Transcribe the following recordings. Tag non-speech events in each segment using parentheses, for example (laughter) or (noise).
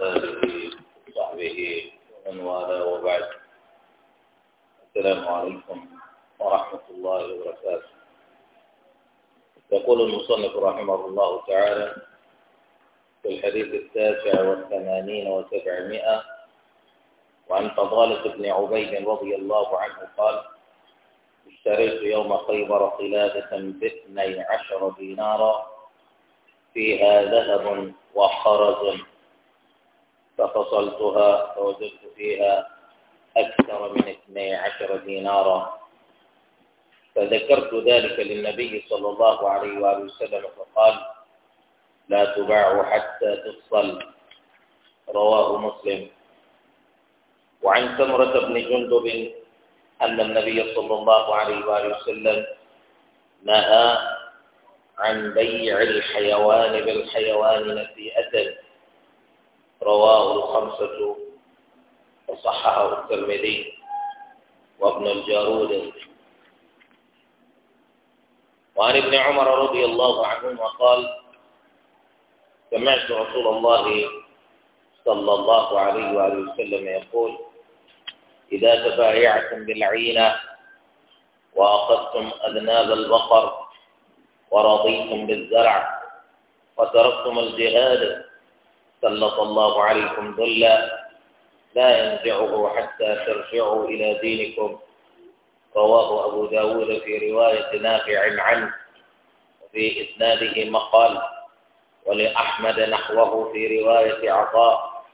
آله وصحبه ومن والاه وبعد السلام عليكم ورحمة الله وبركاته يقول المصنف رحمه الله تعالى في الحديث التاسع والثمانين وسبعمائة وعن فضالة بن عبيد رضي الله عنه قال اشتريت يوم خيبر قلادة باثني عشر دينارا فيها ذهب وخرز ففصلتها فوجدت فيها أكثر من اثني عشر دينارا فذكرت ذلك للنبي صلى الله عليه وآله وسلم فقال لا تباع حتى تفصل رواه مسلم وعن سمرة بن جندب أن النبي صلى الله عليه وآله وسلم نهى عن بيع الحيوان بالحيوان نسيئة رواه الخمسة وصححه الترمذي وابن الجارود وعن ابن عمر رضي الله عنهما قال سمعت رسول الله صلى الله عليه وآله وسلم يقول إذا تبايعتم بالعينة وأخذتم أذناب البقر ورضيتم بالزرع وتركتم الجهاد سلط الله عليكم ظلا لا ينزعه حتى ترجعوا إلى دينكم رواه أبو داود في رواية نافع عنه وفي إسناده مقال ولأحمد نحوه في رواية عطاء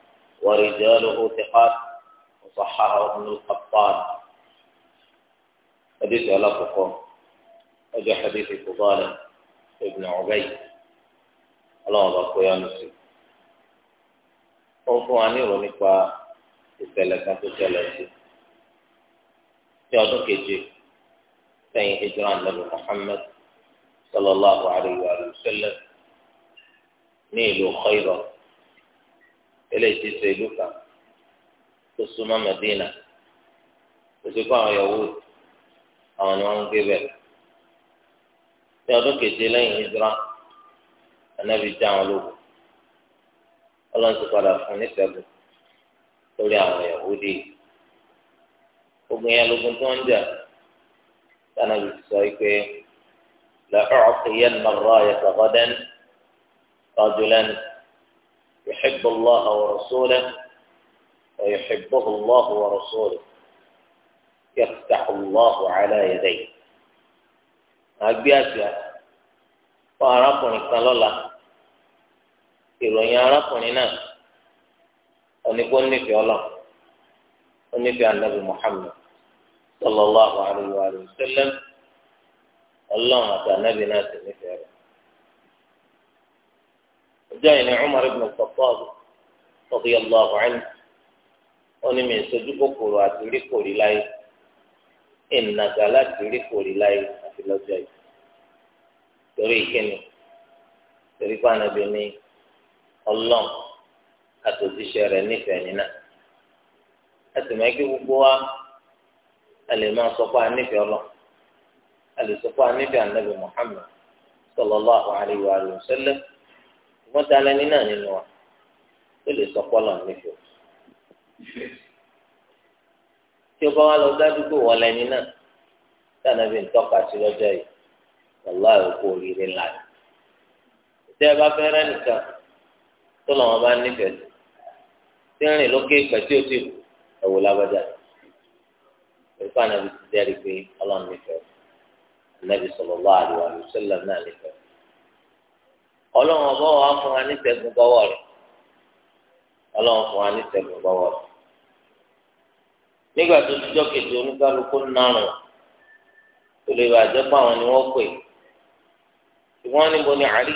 ورجاله ثقات وصححه ابن القطان حديث علاقكم وجاء حديث فضالة ابن عبيد الله أكبر يا نسيب ó fún wa ní ìrò nípa ìṣẹ̀lẹ̀ kan tó ṣẹlẹ̀ sí ní ọdún keje sẹ́yìn hijira nabi muhammed sallallahu alayhi wa sallam ní ìlú khayra eléyìí ti ṣe ìlú kan tó súnmọ́ medina tó ti kọ́ àwọn yahoo àwọn ni wọ́n ń gbé bẹ́ẹ̀ ní ọdún keje lẹ́yìn hijira anabi já wọn lóko. ọlọ́run ti padà fún níṣẹ́gun lórí àwọn Yahudi ogun yẹn lógun tó ń jà sanni bí sọ pé لأعطين الراية غدا رجلا يحب الله ورسوله ويحبه الله ورسوله يفتح الله على يديه أبيات يا فأراكم الله ìròyìn arákùnrin náà onígbó nífẹ̀ẹ́ ọlọ́ onífẹ̀ẹ́ anabi muhammed sallallahu alayhi wa sallam ọlọ́run àti anabi náà sì nífẹ̀ẹ́ rẹ̀. ọjọ́ ìní umar ibn al-khattab radiyallahu anhu onímọ̀ ìsojú kòkòrò àti rí kòrí láyé ìnàgà láti rí láyé àti lọ́jọ́ yìí torí ìkíni torí pé anabi ní. ọlọ́n àtòjíṣẹ́ rẹ̀ nífẹ̀ẹ́ nínà ẹsì máa kí gbogbo wa a lè máa a lè anabi Muhammad wọ́n ta lẹ́ nínà nínú wa ó lè sọ pé nífẹ̀ẹ́ tí o bá wà lọ dádúgbò wọlé nínà tí anabi ń tọ́ka sí lọ́jọ́ yìí wàláhì tó lọ́wọ́ bá nífẹ̀ẹ́ tí ń rìn lókè ìgbà tí ó ti ẹ̀wò lábàjá ìfọ̀ ànábi ti dẹ́rìí pé ọlọ́run nífẹ̀ẹ́ ànábi sallallahu alaihi wasallam náà ọlọ́run ọba wa fún wa gbọ́wọ́ rẹ̀ ọlọ́run fún wa gbọ́wọ́ rẹ̀ nígbà tó ti oníkálukú tó lè bàjẹ́ pé àwọn ni wọ́n pè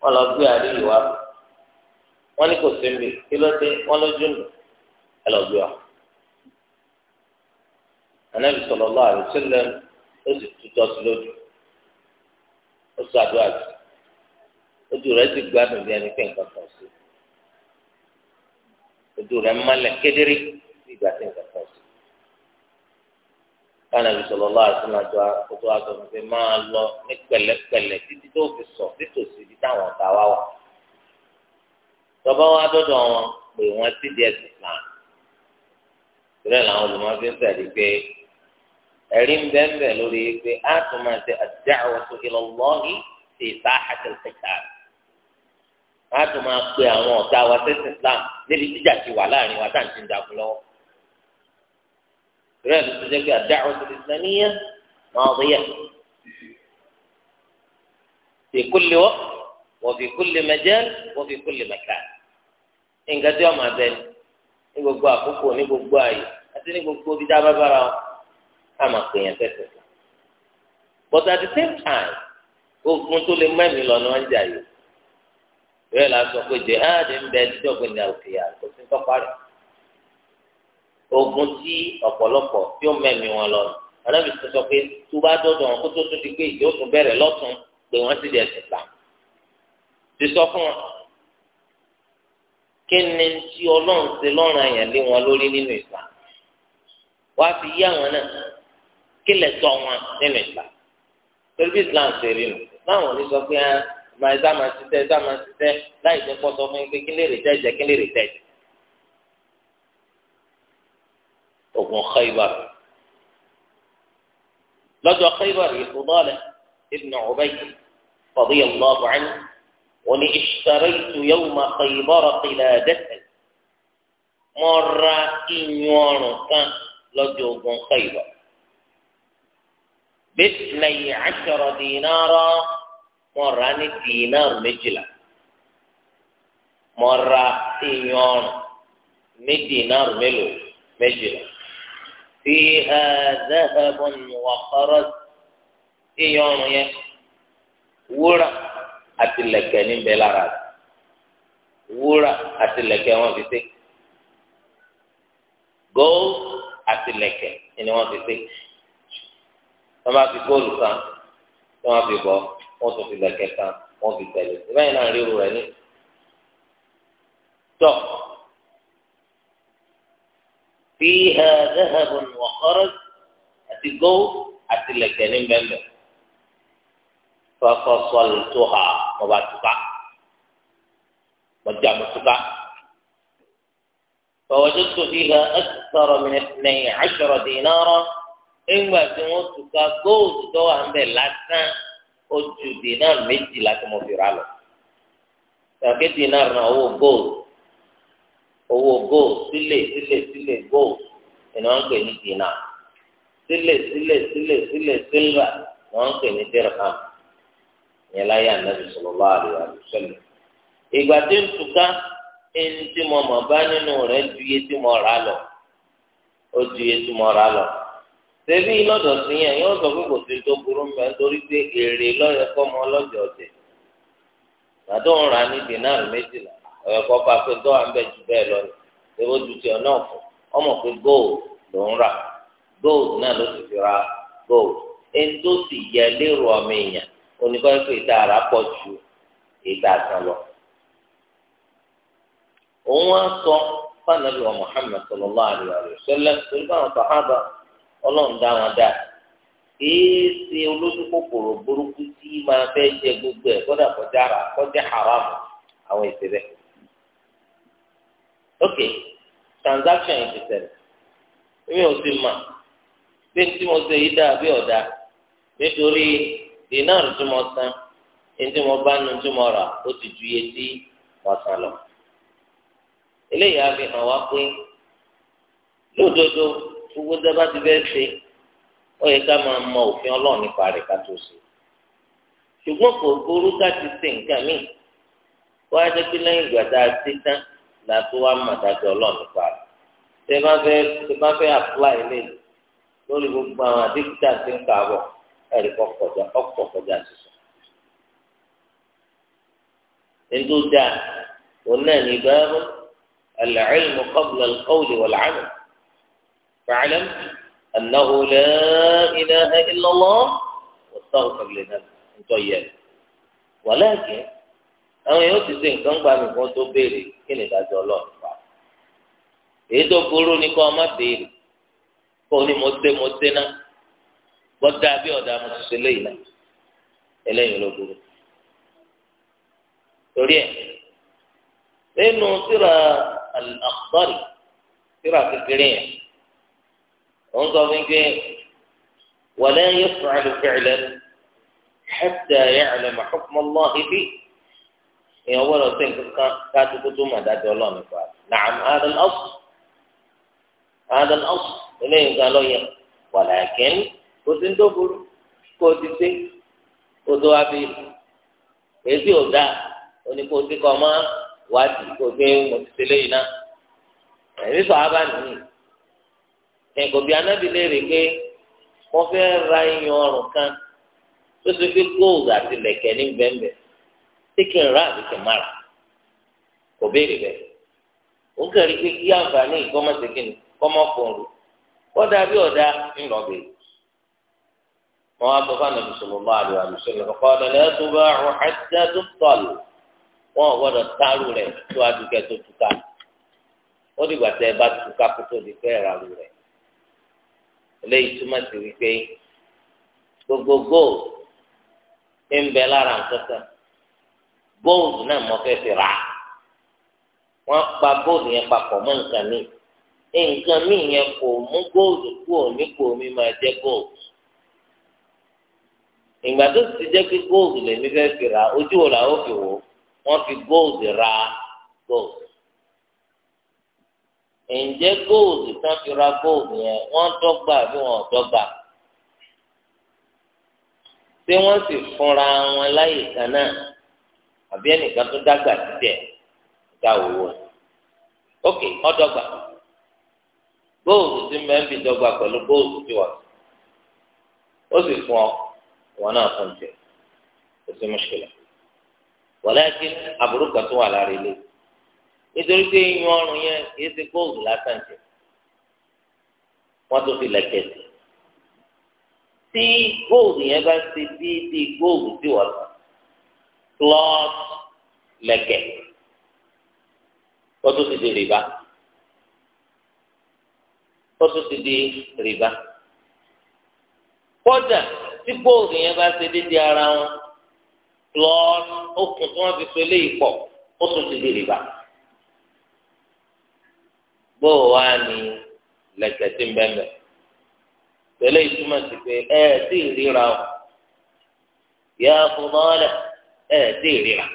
wọn lọ gbé àríyìn wa wọn ní kò sẹ́ńbì kí ló dé wọn lójú nù ẹ lọ gbé wa. anabi sọlọ lọ àrùsílẹ ó sì tutọ́ sí lójú ó sọ àdúrà jù ojú rẹ̀ sì gbádùn bí ẹni pé nǹkan kan sí ojú rẹ̀ mọ́lẹ̀ kedere bí ìgbà tí nǹkan kan sí kánà bí sọlọ lọ àti nàjọ àkótó àtọmọ pé máa lọ ní pẹ̀lẹ́pẹ̀lẹ́ títí tó fi sọ nítòsí ibi táwọn ọ̀tá wa wà tọba wa dọdọ wọn pé wọn ti di ẹsìn náà ìrẹ làwọn olùmọdé ń sàdí pé ẹ̀rí ń bẹ ń bẹ lórí pé a tún máa ṣe ad-da'watu ila Allahi fi sahati al-qital a tún máa pe àwọn ọ̀tá wa sẹ́sìn Islam níbi rẹ̀ ló ti jẹ́ pé àdáhùn ti sàníyà máa wọ́yà. fi kulli wọ́ wọ́n fi kulli majal wọ́n fi kulli makan. nǹkan tí wọ́n máa bẹ ní gbogbo àkókò ní gbogbo ààyè àti ní gbogbo ibi tá a bá bára wọn á máa pè yẹn fẹsẹ̀. but at the same time ogun tó lè mẹ́mi lọ ni wọ́n ń jà yìí. rẹ̀ la sọ pé jihad ń bẹ ẹjọ́ gbẹ̀ndà òkè àkọsí tọ́pá rẹ̀ ogun tí ọ̀pọ̀lọpọ̀ tí ó mẹ́mi wọn lọ anábì tó sọ pé tó bá dọ́dọ̀ wọn kó tó tún di pé ìjọ tún bẹ̀rẹ̀ lọ́tún pé wọ́n ti dẹ̀ sùn tà ti sọ fún wọn kí ni tí ọlọ́run ṣe lọ́rùn àyàn lé wọn lórí nínú ìgbà wá fi yí àwọn náà kí lè tọ́ wọn nínú ìgbà torí Islam ṣe rí nu báwọn ní sọ pé máa ẹ dá máa ṣiṣẹ́ dá máa ṣiṣẹ́ láì jẹ́ pọ́ fún yín kí lè rè jẹ́ jẹ́ kí lè rè jẹ́ jẹ́ ogun Khaybar lọ́jọ́ Khaybar yìí Fudalah ibn Ubayd radiyallahu anhu wọ́n ní ishtaraytu yawma Khaybar qiladatan mo ra iyùn ọrùn kan lọ́jọ́ ogun Khaybar bithnay ashara dinara mo ra ní dínárù méjìlá mo ra iyùn ọrùn ní dínárù mélòó méjìlá. فيها ذهب وخرج ìyọrùn yẹn wúrà àti lẹ̀kẹ̀ níbẹ̀ lára rẹ̀ wúrà àti lẹ̀kẹ̀ wọ́n fi ṣe gold àti lẹ̀kẹ̀ ni wọ́n fi ṣe wọ́n bá fi góòlù kan tí wọ́n fi bọ wọ́n tún fi lẹ̀kẹ̀ kan wọ́n fi tẹ̀lé ìbáyìí náà ríru rẹ̀ ní tọ. فيها ذهب وخرج أتي gold أتي ففصلتها بلو ففصلتها وباتبع فوجدت فيها أكثر من اثني عشر دينارا إما تموتك gold دو عند لسان ojú دينار méjìlá tí mo fi ra lọ. Tàbí dinar owó gold sílè sílè sílè gold ni wọ́n ń pè ní dìnnà sílè sílè sílè sílè sílvà ni ń pè ní dirham ìyẹn láyé ìgbà tí ń túká ẹni tí mo mọ̀ bá nínú rẹ̀ ju iye tí mo rà lọ ó ju iye tí mo rà lọ sí yẹn yóò sọ ọ̀rẹ́ kọ́ a pé dọ́wà ń bẹ̀ jù bẹ́ẹ̀ lọ ọmọ pé gold ló ń rà gold náà ló ra gold ẹni sì yẹ lérò ọmọ èèyàn oníkọ́ ìta àrà pọ̀ ju ìta àtàn lọ. òun á sọ fanabi wa Muhammad torí báwọn sàhábà dá wọn dá olójú kòkòrò burúkú gbogbo ẹ̀ kọ́dà kọjá haram àwọn ìṣẹ̀lẹ̀. ok transaction yẹn ti ṣẹlẹ̀ èmi ò sì mà bí n tí mo ṣe yìí ọ̀dà nítorí dinar tí mo san ẹni mo bá nu tí mo rà ó ju iye tí lọ eléyìí á fi hàn wá pé lódodo gbogbo dábàá ti fẹ́ ṣe ó yẹ ká máa mọ òfin ọlọ́run nípa rẹ̀ ká tó ṣe ṣùgbọ́n kò a làtó wá mọ̀ dájọ́ ọlọ́run nípa rẹ̀ tẹ bá fẹ́ tẹ bá fẹ́ apply lé lórí gbogbo àwọn àdéhùtà tí ń kààbọ̀ ẹ̀rí kọ́ kọjá ọ̀pọ̀ kọjá sísọ. ètò dáa òun náà ní báyọ̀ العلم قبل القول والعمل فاعلم أنه لا إله إلا الله واستغفر لنفسك أنت ولكن àwọn yóò ti ṣe nǹkan gbà mí kó tó béèrè kí ni ìdájọ́ ọlọ́run wà. èyí tó burú ni kó ọmọ béèrè kó o ní mo ṣe mo ṣe náà gbọ́dá bí ọ̀dà mo ti ṣe léyìn náà eléyìí ló burú. torí ẹ nínú síra àkọ́rì síra kékeré yẹn wọ́n sọ fún pé wàlẹ́ yóò fún àlùfẹ́ ìlẹ́nu حتى يعلم حكم الله فيه èèyàn gbọ́dọ̀ sí nǹkan kan káàtó kó tó mọ̀ dájọ́ ọlọ́run nípa nàám adam ọ̀sù adam ọ̀sù eléyìí nǹkan lọ́yẹ wàlàkín kò sí ń tó burú kó o ti dé kó o tó wá bí èsì ò dáa ó ní kọ́ ọmọ wádìí kó o gbé mo ti ṣe léyìí náà ẹ̀mí sọ ábà nìyí ẹ̀kọ́ bíi anábì léèrè pé wọ́n fẹ́ ra iyan ọrùn kan tó ṣe pé gold àti lẹ̀kẹ̀ ní bẹ́ẹ̀ bẹ́ẹ̀. ṣé kí n ra àbí kí n kò béèrè bẹ́ẹ̀ ó kẹ́rì pé kí àǹfààní ìkọ́mọ̀sẹ̀ kí kọ́dà bí ọ̀dà ń bèrè á sọ fún ànàbì sọlọ bá àdúrà àbí sọlọ kọ́kọ́ ọ̀dọ̀ lẹ́yìn tó bá rún ẹ̀jẹ̀ tó tọ̀lù ò gbọ́dọ̀ tààrù rẹ̀ tó adùkẹ́ tó túká ó dìgbà di fẹ́ rẹ̀ eléyìí túmọ̀ sí wípé ń bẹ lára nǹkan góòlù náà mo fẹ́ fi rà á wọ́n pa góòlù yẹn papọ̀ mọ́ nǹkan mi nǹkan mi yẹn kò mú góòlù kúrò nípò mi máa jẹ́ góòlù ìgbà tó ti jẹ́ pé góòlù lèmi fẹ́ fi rà á ojú wo làwọn fi wò wọ́n fi góòlù ra góòlù ǹjẹ́ góòlù tán fi ra góòlù yẹn wọ́n dọ́gba àbí wọn ò dọ́gba ṣé wọ́n sì fúnra wọn láyè kan náà. àbí ẹnìkan tó dàgbà títẹ̀ ìta òwò ok ọdọgba góòlù tí mẹ́ńbì dọ́gba pẹ̀lú góòlù tí wọ́n ó sì fún ọ wọn náà fún tiẹ̀ kò sí mùṣkílà wọ̀lẹ́kí aburú kan tó wà lára ilé nítorí pé iyún ọrùn yẹn kì í ṣe góòlù lásán jẹ wọ́n tó fi lẹ̀kẹ̀ sí tí góòlù yẹn bá ṣe bíi bíi góòlù tí wọ́n lọ plus lẹ̀kẹ̀ ó tún ti di rìbá ó tún ti di rìbá kódà tí góòlù yẹn bá ṣe dédé ara wọn plus okùn tí wọ́n fi so eléyìí pọ̀ ó tún ti di rìbá bóò wá ní lẹ̀kẹ̀ tí ń bẹ́ẹ̀ bẹ́ẹ̀ tẹ̀lé ìtumọ̀ sí pé ẹ ẹ̀ tí ì ríra o yẹ fún mọ́lẹ̀ ẹ̀ sí ìríra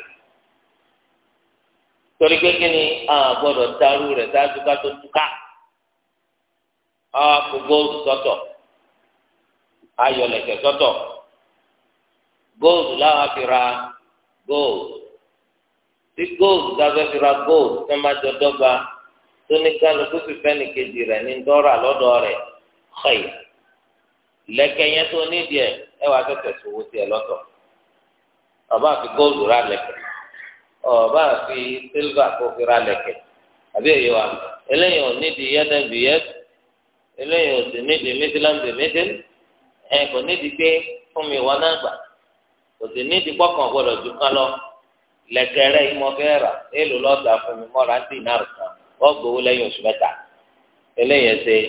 torí pé kí ni a gbọ́dọ̀ dàrú rẹ̀ dájú ká tó túká a kò góòlù sọ́tọ̀ a yọ lẹ̀kẹ̀ sọ́tọ̀ góòlù láwa fi ra góòlù tí góòlù dáfẹ́ fi ra góòlù tó má jọ dọ́gba tó ní kálukú sì fẹ́ ní kejì rẹ̀ ní dọ́rà lọ́dọ̀ rẹ̀ xẹ́yì lẹ̀kẹ̀ yẹn tó nídìí ẹ̀ ẹ̀ wá tẹ̀tẹ̀ sòwò tiẹ̀ lọ́tọ̀ ọba àfi góòlù ra lẹ̀kẹ̀ ọba àfi sílvà kó fi ra lẹ̀kẹ̀ àbí èyí wa eléyìí ò nídìí yẹ́dẹ̀ bí yẹ́dẹ̀ eléyìí ò sì nídìí mísílámù mísíl ẹ kò nídìí pé fún mi wọn náà gbà kò sì nídìí pọ́kàn gbọ́dọ̀ ju kan lọ lẹ̀kẹ̀ rẹ̀ ìmọ̀ fẹ́ èlò lọ́dà fún mi mọ́ra sí náírà kan wọ́n gbowó lẹ́yìn oṣù mẹ́ta eléyìí ẹsẹ̀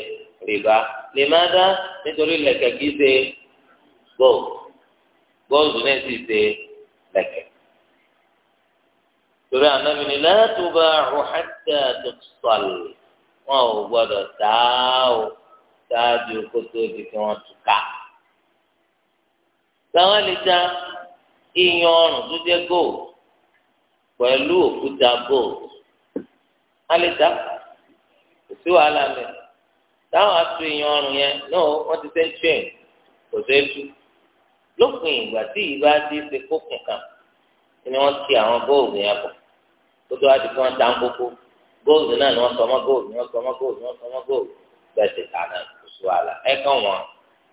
rìbá lè má dá nítorí lẹ̀kẹ̀ kì í ṣe gold gold náà sì ṣe lẹ́kẹ̀. torí ànábi ni látòbá rọ̀hátà tó sọ̀lù wọn ò gbọ́dọ̀ tá o ṣáájú kó tó di kí wọ́n tún ká. táwọn lè ta iyan ọrùn tó jẹ́ gold pẹ̀lú òkúta gold. a lè ta kò sí wàhálà mi táwọn aṣọ iyan ọrùn yẹn náà wọ́n ti fẹ́ chain kò fẹ́ tú lópin ìgbà tí ìbá ti ṣe kókùn kan ni wọ́n ti àwọn góòlù yẹn bọ̀ tó tó wá di kí wọ́n dá gbogbo góòlù náà ni wọ́n sọ ọmọ góòlù ni wọ́n sọ ọmọ góòlù ni wọ́n sọ ọmọ góòlù bẹ́ẹ̀ ti tà náà kò sí wàhálà ẹ kàn wọ́n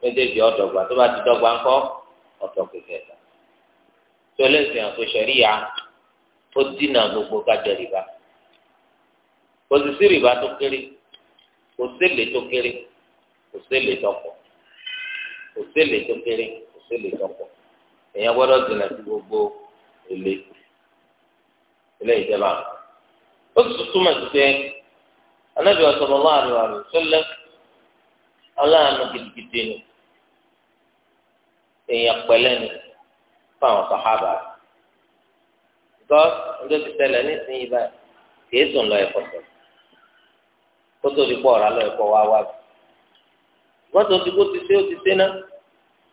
méjèèjì ọ̀dọ́gba tó bá ti dọ́gba ńkọ́ ọ̀tọ̀ kẹfẹ́ ta tó lè fi hàn pé sẹ̀ríyà ó dínà gbogbo kájẹ rìbá kò sì sí rìbá tó kéré kò sí èlé tó kéré kò sí èlé tó pọ̀ kò sí èlé tó kéré. sílè tọpọ èèyàn gbọ́dọ̀ sí gbogbo èlé ilé ìjọba ó sì túmọ̀ sí pé anábìyà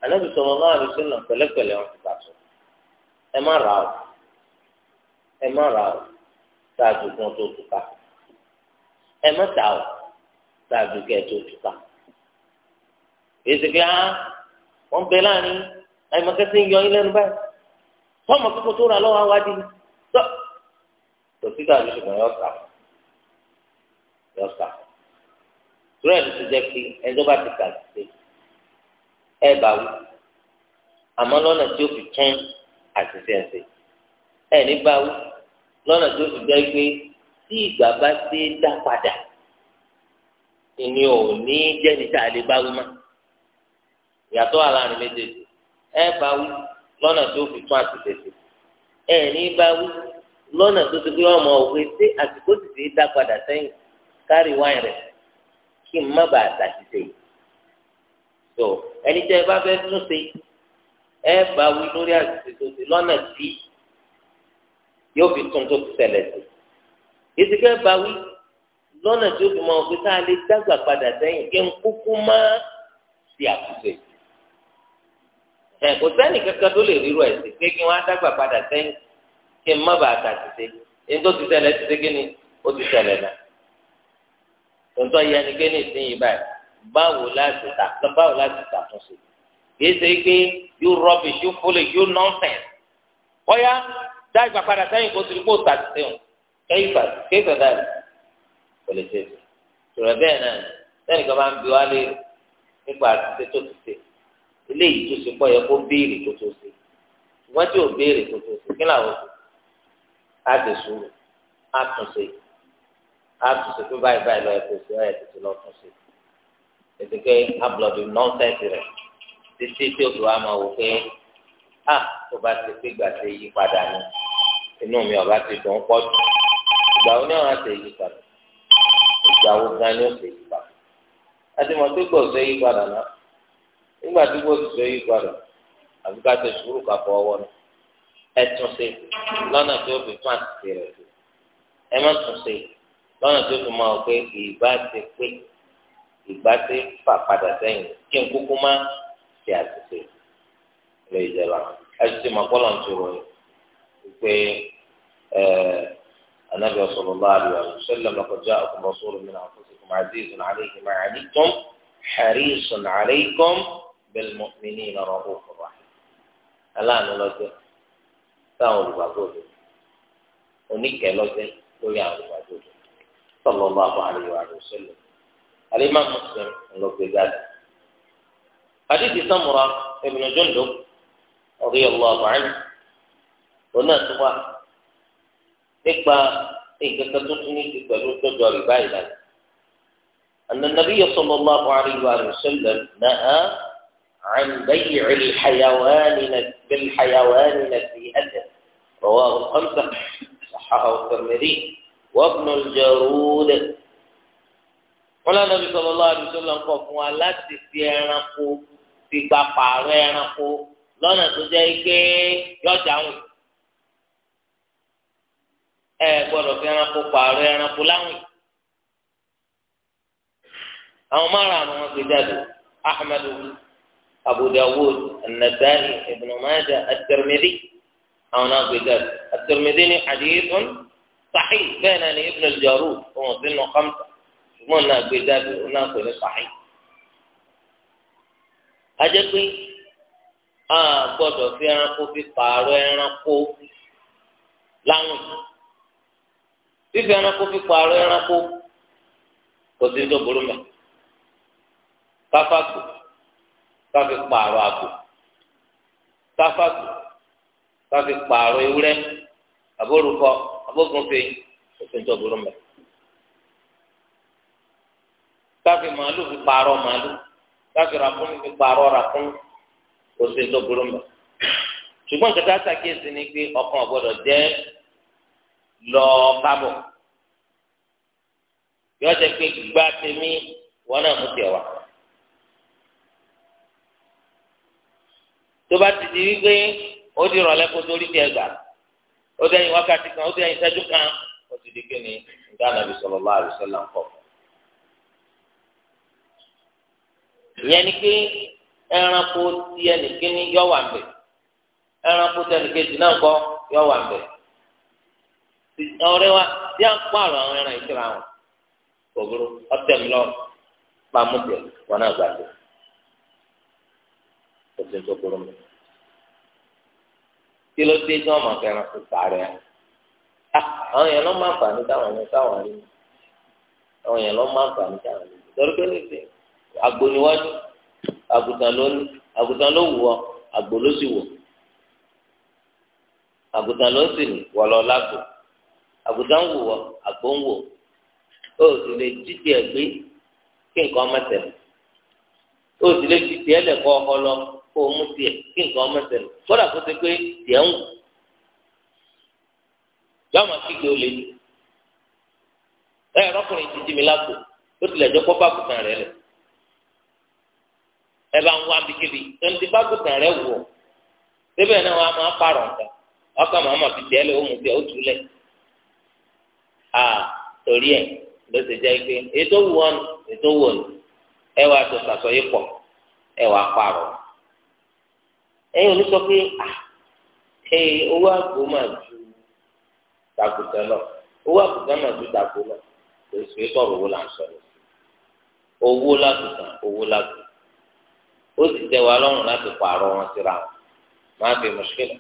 ànábì sọ̀rọ̀ náà ló sọ̀rọ̀ pẹ̀lẹ́pẹ̀lẹ́ wọn ti bá sọ ẹ má ra o ẹ má ra o ṣáàjú kí wọn tó tuka ẹ má ta o ṣáàjú kí ẹ tó tuka èsì pé á wọn bẹ láàrin àìmọ̀kẹ́sí ń yọ yín lẹ́nu báyìí fọ́ọ̀mù akókò tó rà lọ́wọ́ awádìí ni tọ́ kò sí dàbí ṣùgbọ́n yọ sà yọ sà rẹ́ẹ̀lì ti jẹ́ pé ẹjọ́ bá ti kà sí i. ẹ wu wí lọna tí ó fi tún àṣìṣe ẹ̀sẹ̀ ẹ bá wí lọ́nà tí ó fi jẹ́ pé tí ìgbà bá ṣe dá padà ìní ò ní jẹ́ni tá a lè bá wí mọ́ ìyàtọ̀ aláàrin méjèèjì tí ó fi tún àṣìṣe ẹ̀sẹ̀ ẹ bá wí lọ́nà tó ti fi ọmọ òwe ṣé ti tó ẹni tẹ́ ẹ bá fẹ́ tún ṣe ẹ bá wí lórí àṣìṣe tó ti lọ́nà tí yóò fi tún tó ti ṣẹlẹ̀ sí ìsìnkẹ́ bá wí lọ́nà tí ó fi mọ òfin tá a lè dàgbà padà sẹ́yìn kí n kúkú má ṣe àkùsẹ̀ ẹ kò sẹ́ni kankan tó lè ríro ẹ̀sìn pé kí wọ́n á dàgbà padà sẹ́yìn kí n má bàa kà sí tó ti ṣẹlẹ̀ ti ṣe kí ni ó ti ṣẹlẹ̀ náà tòótọ́ yẹ ni kí ni ìsinyìí báyìí báwo láti tà báwo láti tàtúnṣe kìí ṣe pé yóò rọbì yóò fọlẹ yóò nọnsẹns bóyá dá ìgbà padà sẹ́yìn kó tìrìkó tà sí ẹ̀hún kéfà kéfà dáàbò kò lè ṣe sọ̀rọ̀ bẹ́ẹ̀ náà sẹ́yìn kan máa ń bi wá lé nípa àtúnṣe tó ti ṣe eléyìí tó ṣe pọ̀ yẹ kó béèrè kó tó ṣe ṣùgbọ́n tí ò béèrè kó tó ṣe kí làwọn ṣe á ti sùúrù á tún ṣe á tún ṣe pé báyìí báyìí lọ́ọ́ ṣe ètò pé abúlọ̀dù nọ́ọ̀sẹ̀sì rẹ̀ títí tí o tó wá máa wò pé a tó bá ti pé ìgbà tó yí padà ni inú mi ọba ti dùn pọ̀ jù ìgbà wo ni ọ̀rá ti yí padà ìgbà wo gan ni ó ti yí padà láti mọ̀ pé gbọ̀ tó yí padà náà nígbà tí gbọ̀ tó yí padà àbí ká ti sùúrù kà fọ ọwọ́ náà ẹ tún ṣe lọ́nà tó fi fún àtìsí rẹ̀ ẹ má tún ṣe lọ́nà tó fi máa wò pé ìbá ti pé ìgbà tí fà padà sẹ́yìn kí n kúkú má ṣe àtúnṣe lè jẹba ẹtùtù mọ̀kọ́lá ń tọrọ yìí pé anabi sallallahu alaihi wasallam laqad ja'akum rasulun min anfusikum azizun alayhi ma 'anittum harisun alaykum bil mu'minina ra'ufur rahim. aláàánú lọ́jọ́ táwọn olùgbàgbọ́ òdo oníkẹ́ lọ́jọ́ lórí àwọn olùgbàgbọ́ òdo sallallahu alaihi wasallam. الإمام مسلم له في ذلك حديث سمرة ابن جندب رضي الله عنه والناس هو إقبى إذا إيه تتني تقبلوا تجوى ربايلا أن النبي صلى الله عليه وآله وسلم نهى عن بيع الحيوان بالحيوان نسيئته رواه الخمسة صححه الترمذي وابن الجرود wọn lọ́nà bí sallallahu alaihi wasallam ń kọ̀ fún wa láti fi ẹranko fi gba pààrọ̀ ẹranko lọ́nà tó jẹ́ pé yọjà ń wò ẹ gbọ́dọ̀ fi ẹranko pààrọ̀ ẹranko láwìn àwọn márùn-ún wọn ti jáde Ahmad Abu Dawud Ibn Majah at àwọn náà gbé jáde At-Tirmidhi ní hadithun bẹ́ẹ̀ náà ní Ibn al-Jarud sínú khamsa ṣùgbọ́n náà gbé jáde ó náà pè ní sàáì. a jẹ́ pé a gbọ́dọ̀ fi ẹranko fi pààrọ̀ ẹranko láwùn. fífi ẹranko fi pààrọ̀ ẹranko kò sí tó burú mọ́. káfàgbò káfi pààrọ̀ àgbò káfàgbò káfi pààrọ̀ ewúrẹ́ àbórúkọ àbógunfe kò sí tó burú mọ́. káfí màálù fi pààrọ̀ màálù káfí ràkúnmí fi pààrọ̀ ràkúnmí kò sí tó burú mọ́ ṣùgbọ́n kẹta ṣàkíyèsí ni pé ọkàn ọ̀gbọ́dọ̀ jẹ́ lọ́ọ́ kábọ̀ yọ jẹ pé gbá tèmi wọn náà mú tiẹ̀ wá. tó bá ti di wípé ó di ìrọ̀lẹ́ kó torí tiẹ̀ gbà ó dẹ́yìn wákàtí kan ó dẹ́yìn ìṣẹ́jú kan ó ti di kí ni nígbà Nàbí sallallahu alaihi wasallam ń kọ̀ ìyẹn ni pé ẹranko ti ẹnìkíní yọ wà mbẹ ẹranko ti ẹnìkejì náà gbọ yọ wà mbẹ ọ̀rẹ́ wa bí a pààrọ̀ àwọn ẹran ìṣẹ̀lẹ̀ àwọn òwúrọ̀ ọ̀tẹ̀ mi lọ pàmùtẹ wọn náà gbàgbé kò sí tó burú mi kí ló dé tí wọn máa fẹ́ràn fún sàárẹ ah, àwọn èèyàn ló máa ń fà ní táwọn ẹni táwọn ẹni àwọn èèyàn ló máa fà ní táwọn ẹni torí pé lè fẹ́ràn àgbò níwájú àgùntàn ló àgùntàn ló wù ọ àgbò ló sì wù àgùntàn ló sì ní wọlọ lágbo àgùntàn wù ọ àgbò ń wù ó sì lè títí ẹ gbé kí nǹkan mẹsẹlẹ ó sì lè títí ẹ ọlọ kó o mú tiẹ kí nǹkan mẹsẹlẹ kódà kó ti pé tiẹ ń wù yọmọ kíkẹ ó lè ní ẹ ẹrọkùnrin títí mi lágbo ó tilẹ̀ jẹ́ kó bá àgùntàn rẹ lẹ̀ ẹ bá ń wá bíkíbi tonti bá gùtàn rẹ wọ̀ síbẹ̀ náà wọ́n á máa pààrọ̀ nǹkan ọkàn màmá fi tiẹ̀ lé ohun tiẹ̀ ó túlẹ̀ à torí ẹ̀ ló ti jẹ́ pé ètò wọ́n ètò wọ́n ẹ wàá tó sàsọyé pọ̀ ẹ wàá pààrọ̀ ẹ̀yin onísọ pé ẹ owó àgbo máa ju tàkùtà lọ owó àgùtà máa ju tàkùtà lọ kò sí sọ̀rọ̀ owó là ń sọ̀rọ̀ owó làkùtà owó làkùtà ó sì tẹ́ wa lọ́rùn láti pààrọ̀ wọn síra wọn máa fi mùsùlùmí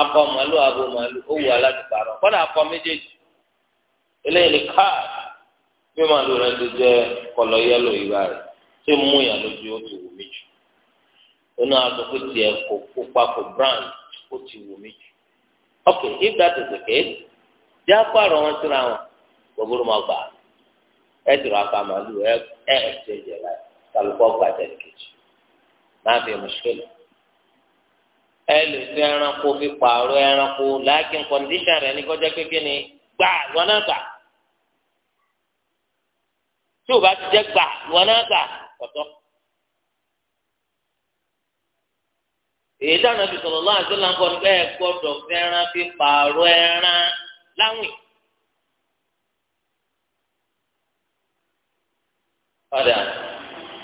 akọ màálù abo màálù ó wù wá pààrọ̀ kọ́dà akọ méjèèjì eléyìí ni káàdì bí màálù rẹ ti jẹ́ kọlọ yẹlò ìwà rẹ tí mú yàn lójú ó ti wù mí jù inú àtúntò tiẹ̀ kò pupa kò brown ó ti wù mí jù ok if that is the case jẹ́ apààrọ̀ wọn síra wọn gbogbo ló máa gbà ẹ̀ dùrọ̀ apá màálù ẹ̀ ẹ̀ ṣe jẹ̀ láti kálukọ gbàdé kejì máa bẹ mùsùlùmí ẹ lè fi ẹranko fi pààrọ̀ ẹranko láàkín kọndíṣàn rẹ ní kọjá kékeré ni gbà wọn náà gbà tí o bá ti jẹ gbà wọn náà gbà èyí dáná bí sallallahu alaihi wasallam bẹ́ẹ̀ gbọ́dọ̀ fẹ́ràn fi pààrọ̀ ẹran láwìn. padà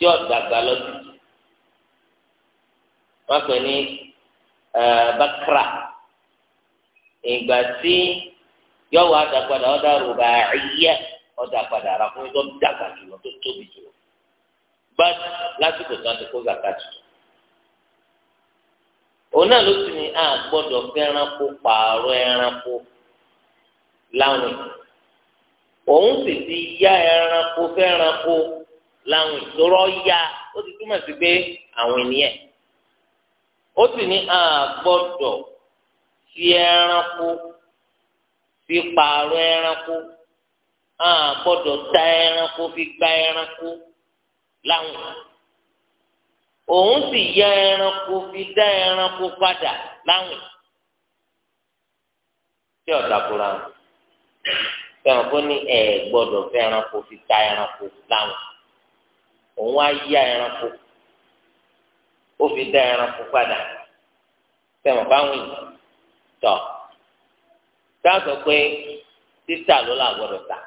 tí ọ̀dàgbà lọ sí jù wọ́n pè ní bakra ìgbà tí yọ̀wọ̀ àdàgbàdà ọ̀dà rògbà ẹ̀yẹ ara fún ẹjọ́ dàgbà jùlọ tó tóbi jùlọ bá lásìkò tí wọ́n ti jù òun náà ló sì ní a gbọ́dọ̀ fẹ́ranko pààrọ̀ láwìn òun sì ti yá láwọn ìṣòro ya ó ti túmọ̀ sí pé àwọn ènìyàn ó sì ní àgbọ̀dọ̀ fi ẹranko fi pààrọ̀ ẹranko àgbọ̀dọ̀ ta ẹranko fi gba ẹranko láwọn òun sì ya ẹranko fi dá ẹranko padà láwọn tí ọ̀dà kura fẹ́ràn kó ní ẹ̀ gbọ́dọ̀ fẹ́ràn kó fi ta ẹranko láwọn. òun á yá ẹranko ó fi dá ẹranko padà sẹ́wọ̀n báwọn yìí tọ̀ sáàsọ pé títà ló là gbọ́dọ̀ tà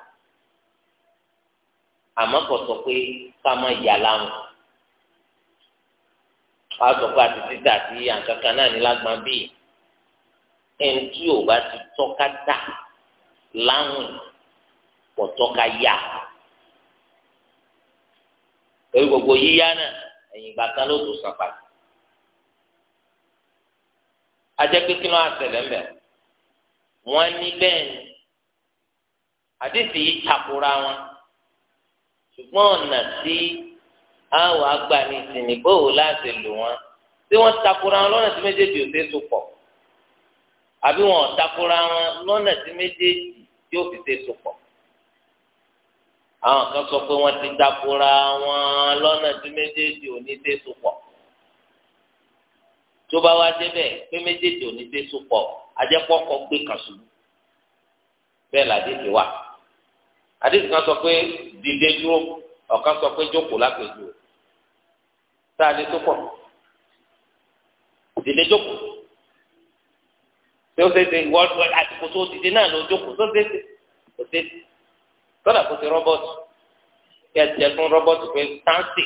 àmọ́ kò sọ pé ká má yà láwọn wọ́n á sọ pé àti títà sí àǹkankan náà ní lágbọ́n bíi ẹni tí ò bá ti tọ́ka tà láwọn pọ̀ tọ́ka yá torí gbogbo yíyá náà ẹ̀yìn ìgbà kan ló tún sàn padà ajẹ́ pé kí ló ń ṣẹlẹ̀ ńbẹ̀ wọ́n ní bẹ́ẹ̀ ni àdéhùn yìí takora wọn ṣùgbọ́n ọ̀nà tí àwọn àgbà ní ìsìnì bóòwò láti lò wọn tí wọ́n takora wọn lọ́nà tí méjèèjì ò fẹ́ so pọ̀ àbí wọn takora wọn lọ́nà tí méjèèjì yóò fi fẹ́ so pọ̀ àwọn kan sọ pé wọ́n ti dakora wọn lọ́nà tí méjèèjì ò ní dé sopọ̀ tó bá wá débẹ̀ pé méjèèjì ò ní dé sopọ̀ ajẹ́pọ̀kọ̀ gbé kan sùn bẹ́ẹ̀ làdéhìí wà àdéhìí kan sọ pé dìde dúró ọ̀kan sọ pé jókòó lápèjú tá a lè sopọ̀ dìde jókòó tí ó ṣe ṣe wọ́n àtìkò tó dìde náà ló jókòó tó ṣe ṣe kò ṣe ṣe tọ́lá kó ti rọ́bọ̀tù kí ẹ tẹ fún rọ́bọ̀tù pé táǹsì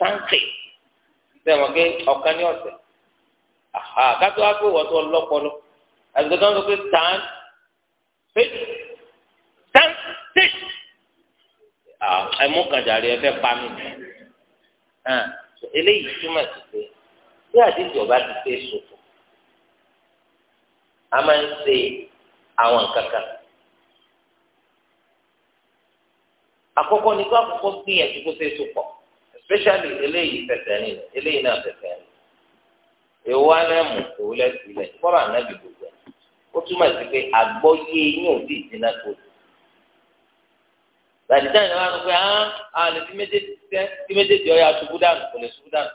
táǹsì sẹ́wọ̀n pé ọ̀kan ní ọ̀sẹ̀ kátó wá pé wọ́n tó lọ́pọ̀lọ́ àti tó ń sọ pé táǹsì táǹsì ẹmú kàjàre ẹ fẹ́ pa mí eléyìí túmọ̀ sí pé bí àdéhùn ọba ti fẹ́ sọ̀tọ̀ a máa ń ṣe àwọn kankan. àkọ́kọ́ ní kó àkọ́kọ́ gbìyànjú kó ṣe so pọ̀ especially eléyìí fẹsẹ̀ rìn eléyìí náà fẹsẹ̀ rìn èwo alẹ́mù èwo lẹ́sílẹ̀ kọ́ra ànábì gbogbo ẹ̀ ó túmọ̀ sí pé àgbọ́yé yóò di ìdínà tó ti gbàdíjà ìlànà an, pé á àlè tí méjèèjì tẹ tí méjèèjì ọyà ṣubú dànù kò lè ṣubú dànù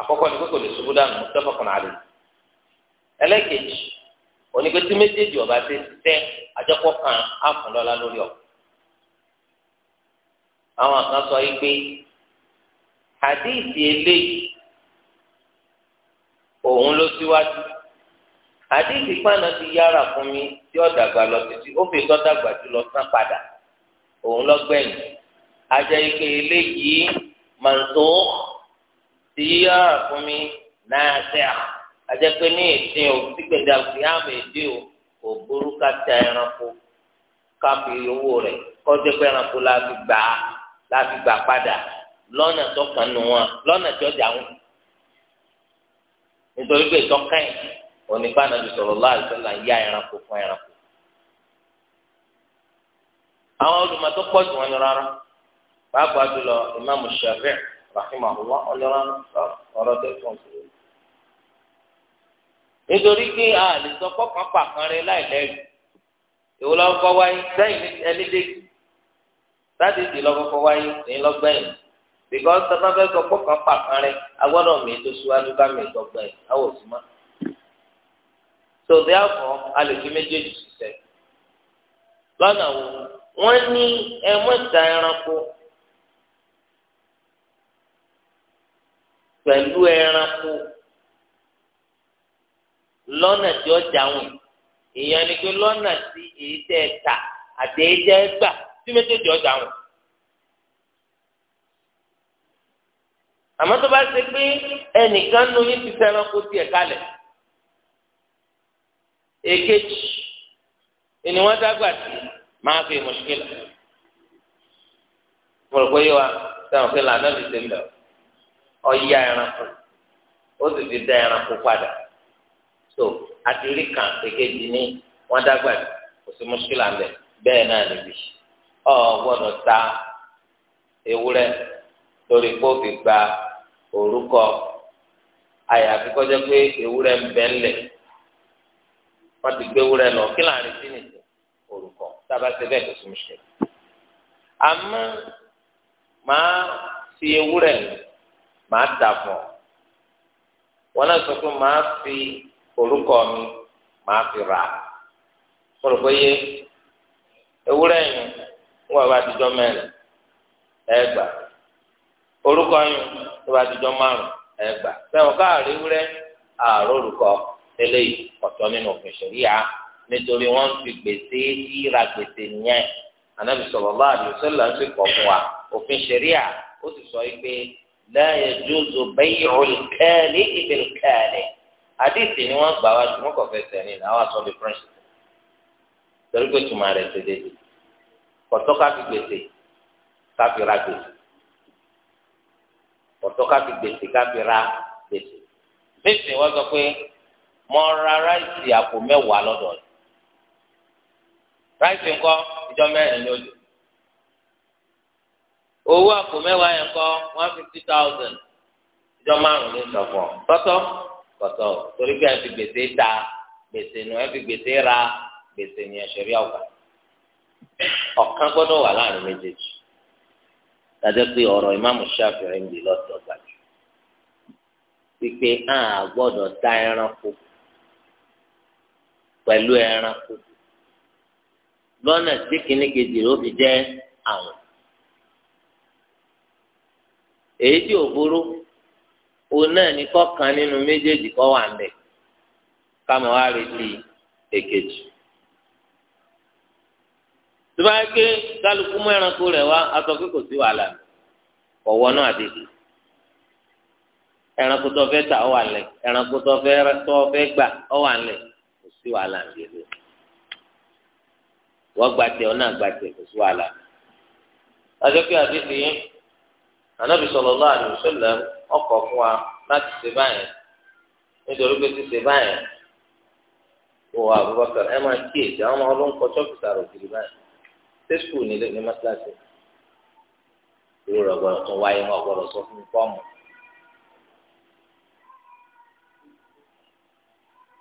àkọ́kọ́ ni pé kò lè ṣubú dànù mustapha àlè ẹlẹ́kejì onígbé tí méjèèjì ọba ti tẹ àjọpọ̀ kan á fún lọ́la lórí ọ̀pọ̀ àwọn kan sọ yìí pé àdéhìsì eléyìí òun ló síwájú àdéhìsì pàànà ti yára fún mi tí ó lọ títí ó fi lọ sán padà òun lọ ajá ike eléyìí ti yára fún mi náà sẹ́à ajá pé ní ìsìn o sígbèdà àmì o kò burú ká láti gbà padà lọ́nà tó kàn nù wọn lọ́nà tó jà wọn nítorí pé ìtọ́ka ẹ̀ onígbà náà ti sọ̀rọ̀ lọ́wọ́ àti sọ́la yá ẹranko fún ẹranko àwọn olùmọ̀tò pọ̀ jù wọn ní rárá pàápàá jùlọ ìmáàmù Shafi'i rahimahullah ọlọ́run ọ̀rọ̀ tẹ̀sán sílẹ̀ nítorí pé a lè sọ kọ́kàn pàkan rẹ láì lẹ́rìí ìwòlọ́kọ́ wáyé sẹ́yìn ẹni dé láti ìdí lọ́kọ́kọ́ wáyé ní lọ́gbẹ̀yìn because tó bá fẹ́ sọ pọ̀ kan pàkan rẹ agbọ́dọ̀ mi tó síwájú bá mi lọ́gbẹ̀yìn láwọ̀ sí mọ́. so therefore a lè fi méjèèjì ṣiṣẹ́ lọ́nà wo wọ́n ní ẹmọ́ta ẹranko pẹ̀lú ẹranko lọ́nà tí ó jáwìn ìyẹn ni pé lọ́nà tí èyí tẹ́ ẹ ta àti èyí tẹ́ ẹ gbà tí méjèèjì ọjà wọn. àmọ́ tó bá ṣe pé ẹnìkan nu yín ti fẹ́ràn kó tiẹ̀ kalẹ̀ èkejì ni wọ́n dágbà tí máa fi mùṣkílà mo rò pé yóò wá sẹ́wọ̀n pé làánà lè ṣe ń bẹ̀rù ọ̀ya ẹranko ó sì ti da ẹranko padà so àti rí kan èkejì ni wọ́n dágbà tí kò sí mùṣkílà ń bẹ̀ bẹ́ẹ̀ náà níbi ọ gbọ́dọ̀ ta ewúrẹ́ lórí kó fi gba orúkọ àyàfi kọjá pé ewúrẹ́ ń bẹ ńlẹ̀ wọ́n ti gbé ewúrẹ́ lọ kí láàrin sí nìyí orúkọ tába ṣe bẹ́ẹ̀ tó sún ṣe àmọ́ màá fi ewúrẹ́ màá tà fún ọ wọn náà sọ pé màá fi orúkọ mi màá fi rà mo rò pé yé ewúrẹ́ yẹn ń wà bá àtijọ́ mẹ́rin ẹgbà orúkọ yín tó bá àtijọ́ márùn ẹgbà sẹ́wọ̀n káàrí wúrẹ́ àárò orúkọ eléyìí ọ̀tọ̀ nínú òfin ṣẹ̀ríyà nítorí wọ́n fi gbèsè yíra gbèsè nìyẹn anabi sallallahu alaihi wasallam ń sì kọ̀ fún wa òfin ṣẹ̀ríyà ó sì sọ pé la yajuzu bay'ul kali'i bil àdìsí ni wọ́n gbà wá ṣùgbọ́n fẹsẹ̀ ní àwọn àtọ́lẹ̀ french torí pé tùmọ̀ rẹ̀ ṣe déédéé kọ̀tọ́ ká fi gbèsè ká fi ra gbèsè kọ̀tọ́ ká fi gbèsè ká fi ra gbèsè gbèsè wọ́n sọ pé mo ra ráìsì àpò mẹ́wàá lọ́dọ̀ rẹ̀ ráìsì ńkọ́ ìjọ mẹ́rin ni ó lò owó àpò mẹ́wàá yẹn kọ́ one fifty thousand ìjọ márùn ní ìsọ̀fọ̀ tọ́tọ́ kọ̀tọ́ torí bí ẹ fi gbèsè ta gbèsè nu ẹ fi gbèsè ra gbèsè ni ẹ̀ṣẹ̀rí ọ̀gá. ọ̀kan gbọ́dọ̀ wà láàrin méjèèjì dájọ́ pé ọ̀rọ̀ ìmáàmù Ṣáfi'í ń gbàjú wípé a gbọ́dọ̀ dá ẹranko pẹ̀lú ẹranko lọ́nà tí kìnnìkejì ló fi jẹ́ àwọn èyí tí ò burú náà ní kọ́kan nínú méjèèjì kọ́ wà ń bẹ̀ tó bá yẹ pé kálukú wa ẹranko rẹ̀ wá si pé kò náà àdìdì ẹranko ọ wà lẹ̀ ẹranko tó fẹ́ tó fẹ́ gbà ọ wà lẹ̀ kò si wàhálà àdìdì wọ́n ọ náà gba tẹ̀ kò sí fún wa láti báyìí nítorí pé báyìí wò Abubakar ẹ máa àwọn ọlọ́nkọ ṣọ́ọ̀kì kiri ṣé skul nílé ní mọ́sálásí irú rẹ̀ gbọ́dọ̀ tún wáyé wọn gbọ́dọ̀ sọ fún fọ́ọ̀mù.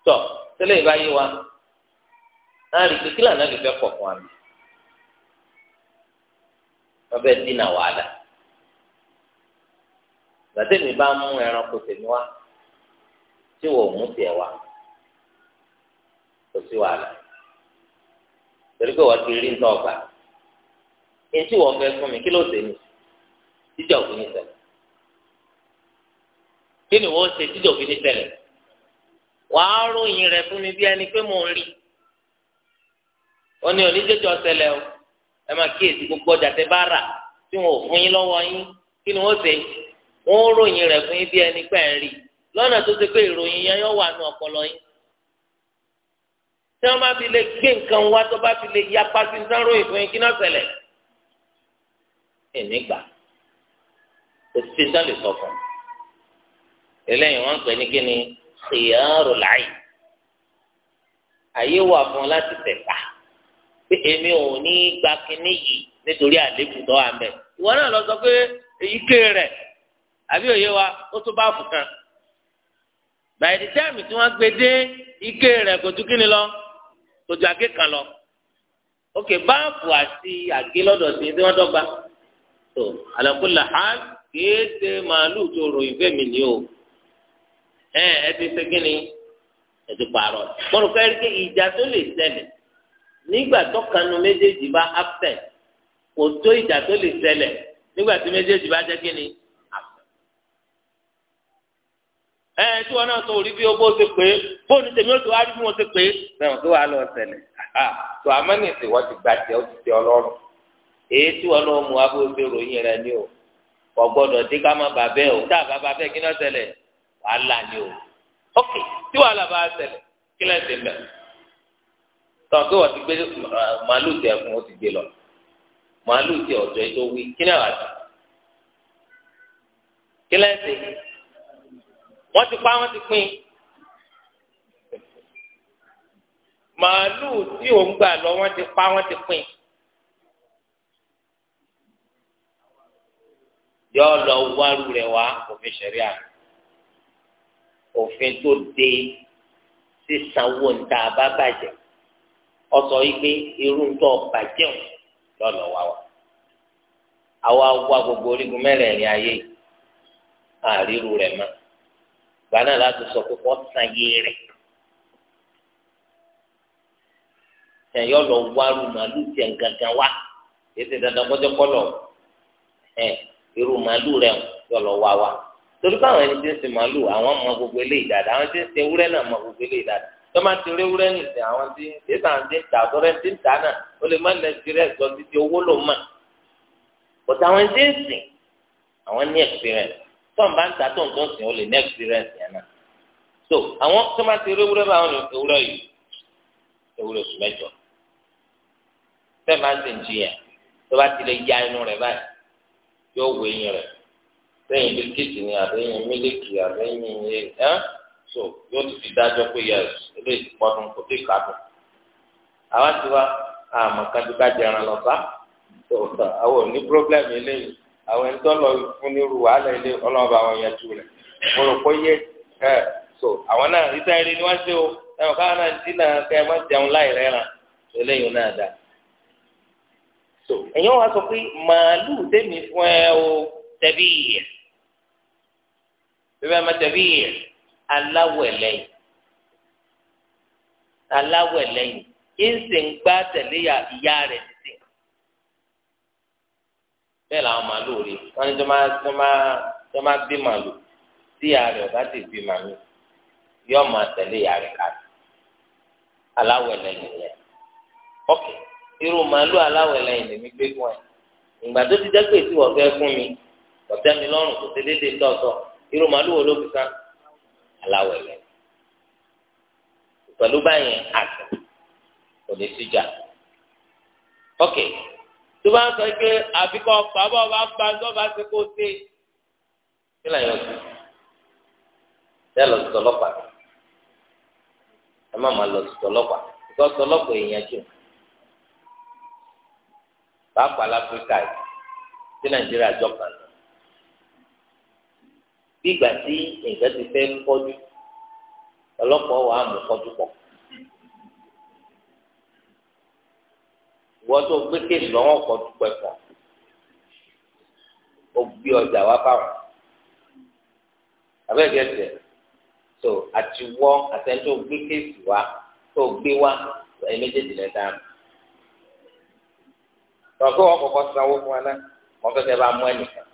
tọ́ tẹ́lẹ̀ ìbáyé wa náà rí i pé kí lànà lè fẹ́ pọ̀ fún àmì wọ́n fẹ́ dínà wàhálà gbàtẹ́mi bá mú ẹranko tèmi wá tí wò mú tiẹ̀ wá kò sí wàhálà torí pé wọ́n ti rí ń ọgbà. etí wọ́n fẹ́ fún mi kí ló ṣe mí tíjà òfin ní ṣẹlẹ̀ kí ni wọ́n ṣe tíjà òfin ní ṣẹlẹ̀ wàá ròyìn rẹ̀ fún mi bí ẹni pé mò rí ó oníjẹjọ ṣẹlẹ̀ o ẹ máa kíyèsí gbogbo ọjà tẹ́ bá rà tí wọn ò fún yín lọ́wọ́ yín kí ni wọ́n ṣe wọ́n ròyìn rẹ̀ fún yín bí ẹni pé ń rí lọ́nà tó ṣe pé ìròyìn yẹn yóò wà nù ọpọlọ yín tí wọ́n bá fi lè gbé nǹkan wá tó bá fi lè yapa sí ní sáròyìn fún yín kí náà ṣẹlẹ̀ ẹ̀mí gbà òsì sá lè sọ fún un eléyìí wọ́n ń pè ní kíni xiyaaru láàyè àyè wà fún un láti tẹ̀ka pé èmi ò ní gba kíní yìí nítorí àlékún tó wà mẹ́ ìwọ náà lọ sọ pé èyí ké rẹ̀ àbí òye wa ó tún bá fún kan by the tí wọ́n gbé dé ike rẹ̀ kò tún kíni lọ kò tún àgé kan lọ òkè báàfù àti àgé lọ́dọ̀ sí tí wọ́n dọ́gba tó àlàkùlà hàn kìí ṣe màálùú tó ròyìn fẹ́mi ni o ẹ ẹ ti ṣe kí ni ẹ ti pààrọ̀ mo rò fẹ́ẹ́ rí pé ìjà tó lè ṣẹlẹ̀ nígbà tó kanu méjèèjì bá absent kò tó ìjà tó lè ṣẹlẹ̀ nígbà tí méjèèjì bá jẹ́ kí ni absent. ẹ tí wọn náà sọ orí bí o bó ṣe pé fóònù tèmi ó ti wá rí bí wọn ṣe pé sẹ́wọ̀n tó wà lọ ṣẹlẹ̀ tó amánìsè wọ́n ti gbàjẹ́ ó ti tẹ ọlọ́run èyí tí wọn náà mú abó ṣe ròyìn rẹ ni o kò gbọdọ̀ dé ká má bà bẹ́ẹ̀ o tá a bá bà bẹ́ẹ̀ kí náà ṣẹlẹ̀ wàhálà ni o ok tí wàhálà bá ṣẹlẹ̀ kí lẹ́ẹ̀ ṣe mẹ́ tọ́ pé wọ́n ti gbé màálù tẹ fún ó ti gbé lọ màálù tẹ ọ̀jọ́ ètò wí kí náà wà sí kí lẹ́ẹ̀ ṣe wọ́n ti pa wọ́n ti pín màálù tí òun gbà lọ wọ́n ti pa wọ́n ti pín. yọ lọ wárú rẹ̀ wá òfin ṣẹ̀ríà òfin tó de sísanwó níta bá bàjẹ́ ọsọ yìí pé irú ńtọ bàjẹ́ ò lọ́lọ́ wá wa àwa wá gbogbo orígun mẹ́rẹ̀ẹ̀rin ayé àríru rẹ̀ mọ́ gbaná láti sọ pé wọ́n san yé rẹ̀ ẹ̀yọ́ lọ wárú màálù tiẹ̀ gangan wá ètò ìdandan kọjọ́kọ́ lọ ẹ̀ irú màálù rẹ yọ lọ wá wa torí pé àwọn ẹni tí ń sin màálù àwọn mọ gbogbo eléyìí dáadáa àwọn tí ń sin ewúrẹ́ náà mọ gbogbo eléyìí dáadáa tó máa ti rí ewúrẹ́ nìsín àwọn tí ètò àwọn tí ń tà àtọrẹ tí ń tà náà ó lè má nàìjíríà sọ títí owó ló mà kò táwọn tí ń sìn àwọn ní experience tó bá ń ta tó ń tó ń ó lè ní experience yẹn náà so àwọn tó máa ti rí ewúrẹ́ bá àwọn ewúrẹ́ yìí ewúrẹ́ oṣù mẹ́jọ fẹ́ẹ̀ máa ń sìn jiyàn yóò wé yín rẹ sẹ́yìn bisikíìtì ni àbẹ́yìn mílíkì àbẹ́yìn ẹ́ so yóò ti fi dájọ́ pé yẹ eléyìí pọ́dún kò tí kàdùn. àwa ti wá àmọ̀ kájúká jẹran lọ bá tó àwọn eléyìí àwọn ẹni tó lọ fún nírú wàhálà ilé ọlọ́run bá wọn yanjú rẹ̀ mo rò pé yẹ ẹ so àwọn náà ni wọ́n ṣe o ẹ̀wọ̀n káwọn náà ti náà kẹ́ so ẹ̀yin wá sọ pé màálù tẹ̀mí fún ẹ o tẹ̀bí yẹ bíbá ẹ má tẹ̀bí yẹ aláwọ̀ ẹlẹ́yìn aláwọ̀ ẹlẹ́yìn ìsì ń gbá tẹ̀lé ìyá rẹ̀ títí bẹ́ẹ̀ làwọn màálù rí wọ́n ní tó máa tó máa tó máa bí màálù tí ìyá rẹ̀ bá ti bí màálù yóò máa tẹ̀lé ìyá rẹ̀ káàkiri aláwọ̀ ẹlẹ́yìn yẹn ọ̀kẹ́. Okay irú màálù aláwọ̀ ẹlẹ́yìn lèmi gbé fún ẹ ìgbà tó ti jẹ́ pé tí wọ́n fẹ́ fún mi ọ̀tẹ́ mi lọ́rùn kò tẹ́lẹ̀ dé tọ̀tọ̀ irú màálù wo ló fi ká aláwọ̀ ẹlẹ́yìn pẹ̀lú báyìí àgbẹ̀ kò ní síjà ok tó bá ń sọ pé àfikọ́ bàbá ọba gba tó bá ti kó sí kí lẹ́yìn ọ̀sẹ̀ bẹ́ẹ̀ lọ sí ọlọ́pàá ẹ má má lọ sí ọlọ́pàá ìkọ́ èèyàn jù pàápàá láfíríkà yìí sí nàìjíríà jọ kan náà bí ìgbà tí nǹkan ti fẹ́ kọjú ọlọ́pàá wà á mú kọjú pọ̀ ìwọ́n tó gbé kéèlì lọ́wọ́ kọjú pẹ̀ pọ̀ ó gbé ọjà wá fáwọn abẹ́ẹ̀gẹ́ tẹ̀ tó àtiwọ́ àtẹ̀ńtò gbé kéèlì wá tó gbé wá ẹ̀ẹ́mẹ́jẹ̀dì lẹ́tà mi wọn kó wọn kọ́kọ́ sanwó fún wa náà wọn fẹsẹ bá mú ẹnìkan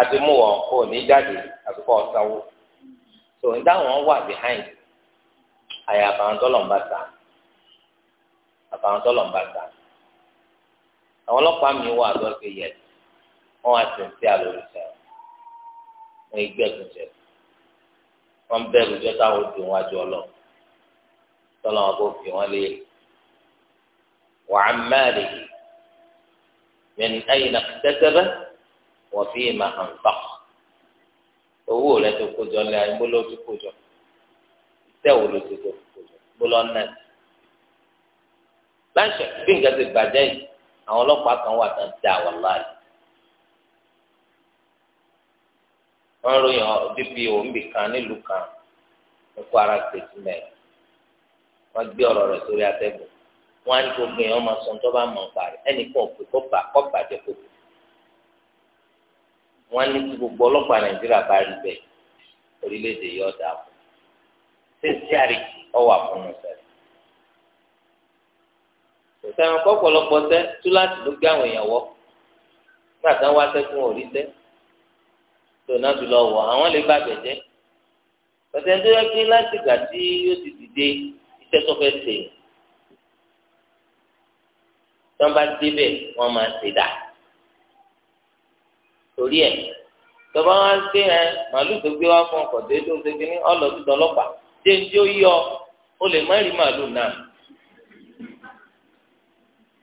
àti mú wọn kó ní jáde àtúkọ sanwó tó ń dáwọn wà behind àyà àbàwọn tọlọ ń bá ta àbàwọn tọlọ ń bá ta àwọn ọlọ́pàá mi wà lọ sí yẹ wọn wá sí sí àlòrìṣà wọn gbẹ ẹgùnjẹ wọn bẹ̀rù jọ táwọn dùn wájú ọlọ tọlọ wọn kò fi wọn lé wàá mẹ́rin. من أين اكتسبه وفيما أنفق owó rẹ tó kójọ lẹ ayé gbólóhùn tó kójọ iṣẹ́ wo ló ti tó kójọ gbólóhùn náà láṣẹ bí nǹkan ti bàjẹ́ yìí àwọn ọlọ́pàá kan wà tán dá wà láàyè ròyìn kan kan ní Kwara State gbé wọn á ní gbogbo èèyàn máa sọ nítorí wọn máa ń parí ẹnì kan òkè kó bà kó bàjẹ́ kó bù wọn á ní kí gbogbo ọlọ́pàá nàìjíríà bá rí bẹ́ẹ̀ orílẹ̀-èdè yóò dáa fún un ṣé charity ọwọ́ àfọ̀nù sẹ́yìn sẹ́wọ̀n kọ́ pọ̀lọpọ̀ sẹ́ túláàtì ló gbé àwọn èèyàn wọ́ nígbà tí wọ́n wá sẹ́kùn òrí sẹ́ tó náà fi lọ wọ̀ àwọn lè bàbẹ̀ jẹ́ pẹ̀sẹ̀ tó yẹ kí láti ìgbà tí yóò ti dìde iṣẹ́ tó fẹ́ ṣe tí wọ́n bá débẹ̀ wọ́n máa ṣe dà torí ẹ̀ tọ́ba wá ń ṣe ẹ màálù tó gbé wá fún ọkọ̀ déédéé ó ṣe kí ní ọlọ́dún ọlọ́pàá déédé ó yọ ó lè má rí màálù náà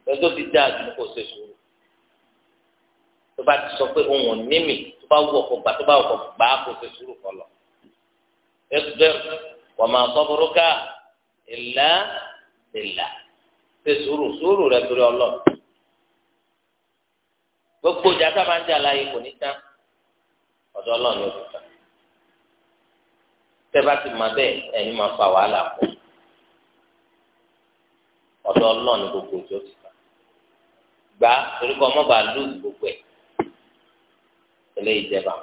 lọ́jọ́ ti dáa tó kò ṣe sùúrù tó bá ti sọ pé òun ò ní mi tó bá wù ọkọ̀ gbà tó bá ọkọ̀ gbà á kò ṣe sùúrù kọ lọ. ẹsùn bẹ́ẹ̀ wọ́n máa sọ burúkú ilá ilá. ṣe sùúrù sùúrù rẹ torí ọlọ gbogbo ìjà tá a máa ń jà láàyè kò ní tán ọ̀dọ̀ Ọlọ́run yóò tán tẹ bá ti máa bẹ́ẹ̀ ẹ̀yin máa fa wàhálà pọ̀ ọ̀dọ̀ Ọlọ́run ní gbogbo ìjọ ti tán gbà torí kọ mọba gbogbo ẹ eléyìí jẹba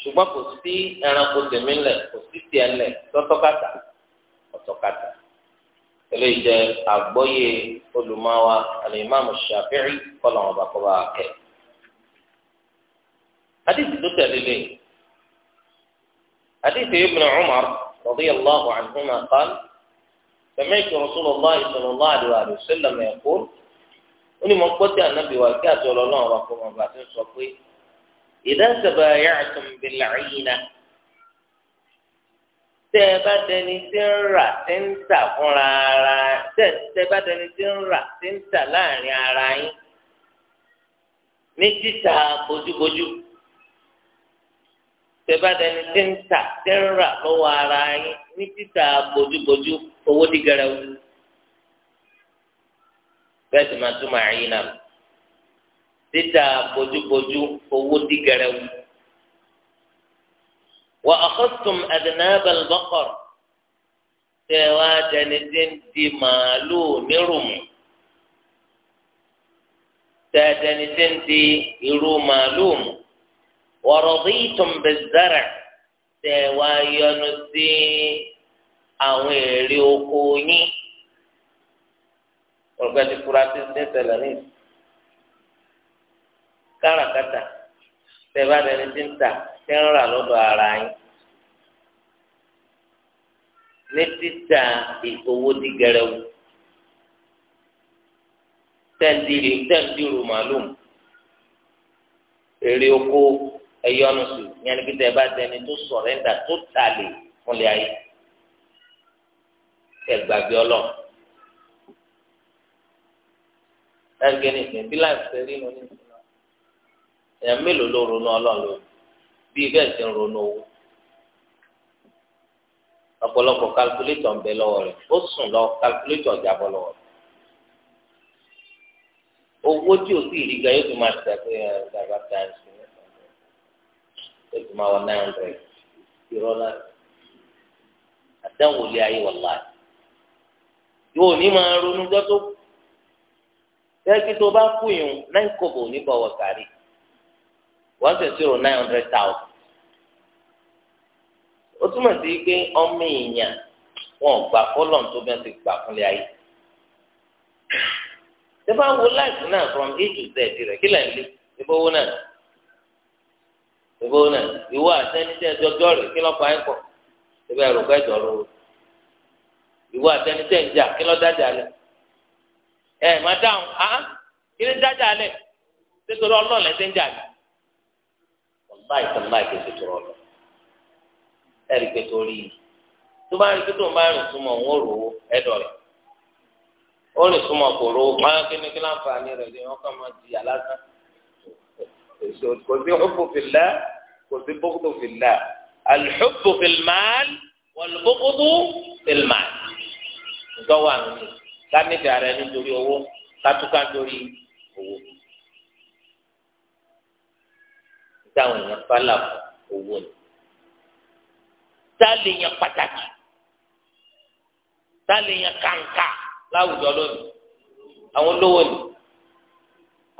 ṣùgbọ́n kò sí ẹranko tèmi lẹ kò sí tiẹ̀ lẹ tọtọkàtà ọtọkàtà. eléyìí jẹ àgbọ́yé olùmọ̀wá alimami shafi'i kọ́lọ̀ ọba kọ́ba kẹ́. hadith tó tẹ̀lé lé hadith ibn umar radiyallahu anhuma qala sami'tu rasulullah sallallahu alayhi wa sallam yaqul ó ní mo gbọ́ tí anabi wa kí àti ọlọ́lọ́run ọba kọ́ba bá sọ pé idha tabaya'tum bil 'ayna tẹ ẹ bá dẹni tí ń rà tí ń tà fúnra ara tẹ tẹ bá dẹni tí ń rà tí ń tà láàrin ara yín ní títà bójúbójú tẹ bá dẹni tí ń tà tí ń rà lọ́wọ́ ara yín ní títà bójúbójú owó di gẹrẹwu bẹ́ẹ̀ sì máa túmọ̀ àyín náà títà bójúbójú owó di gẹrẹwu. وأخذتم أذناب البقر تواجن تنتي مالو نرم تواجن تنتي إرو مالوم ورضيتم بالزرع سوا تنتي àwọn èrè oko yín ọgbẹni fura ti ń tẹsẹlẹ ní tẹ bá dẹni tí ń tà tẹ ń rà lọ́dọ̀ ara yín ní títà ìfowó di gẹrẹwu tẹ́ǹdìrì tẹ́ǹdìrì màlúù èrè oko ẹ̀yọ́nu sùn yẹn kí tẹ bá dẹni tó sọ̀rẹ́ǹdà tó tàlè fúnlẹ̀ ayé ẹgbàgbé ọlọ́run ẹgbẹ́ nìsín bí láìpẹ́ rí lónìí èèyàn mélòó ló ronú ọlọ́run lórí bí bẹ́ẹ̀ ti ń ronú owó ọ̀pọ̀lọpọ̀ kalkulétọ̀ ń bẹ lọ́wọ́ rẹ̀ ó sùn lọ kalkulétọ̀ jábọ́ lọ́wọ́ rẹ̀ owó tí o sì rí ga yóò fi máa ṣe àpé ẹ̀ẹ́dàgbà times ní ẹ̀sán yóò fi máa wọ nine hundred irọ́ náà àdáwò lé ayé wà láàyè yóò ní máa ronú jọ́tò tẹ́kí tó bá kú yùn náà kò bò ní bọ̀wọ̀ kárí. wọ́n sì ṣòro nine hundred thousand. túmọ̀ sí pé ọmọ èèyàn wọn ò gbà fọlọ́n tó bẹ́ẹ̀ ti gbà fúnlé ayé. ṣé bá wo láìsí náà from a to z rẹ̀ kí lẹ́yìn lé ibo owó náà ibo owó náà ìwọ kí pẹ́ jọ lọ́wọ́ ìwọ jà kí láì tán láì pèsè tó rọlọ ẹrí pé tó rí i tó bá rí i pé tó ń bá rìn súnmọ́ òun ó rò ó ẹdọ rẹ ó rìn súnmọ́ kò rò ó máa kíni kí láǹfààní rẹ ni wọn kàn máa di alásán kò sí hubbu kò sí bughdu fillah al-hubbu fil mal ká nífẹ̀ẹ́ ara ẹni owó ká túká torí owó. táwọn èèyàn fálà fún owó ni tá lè yan pàtàkì tá lè yan kàǹkà láwùjọ lónìí àwọn olówó ni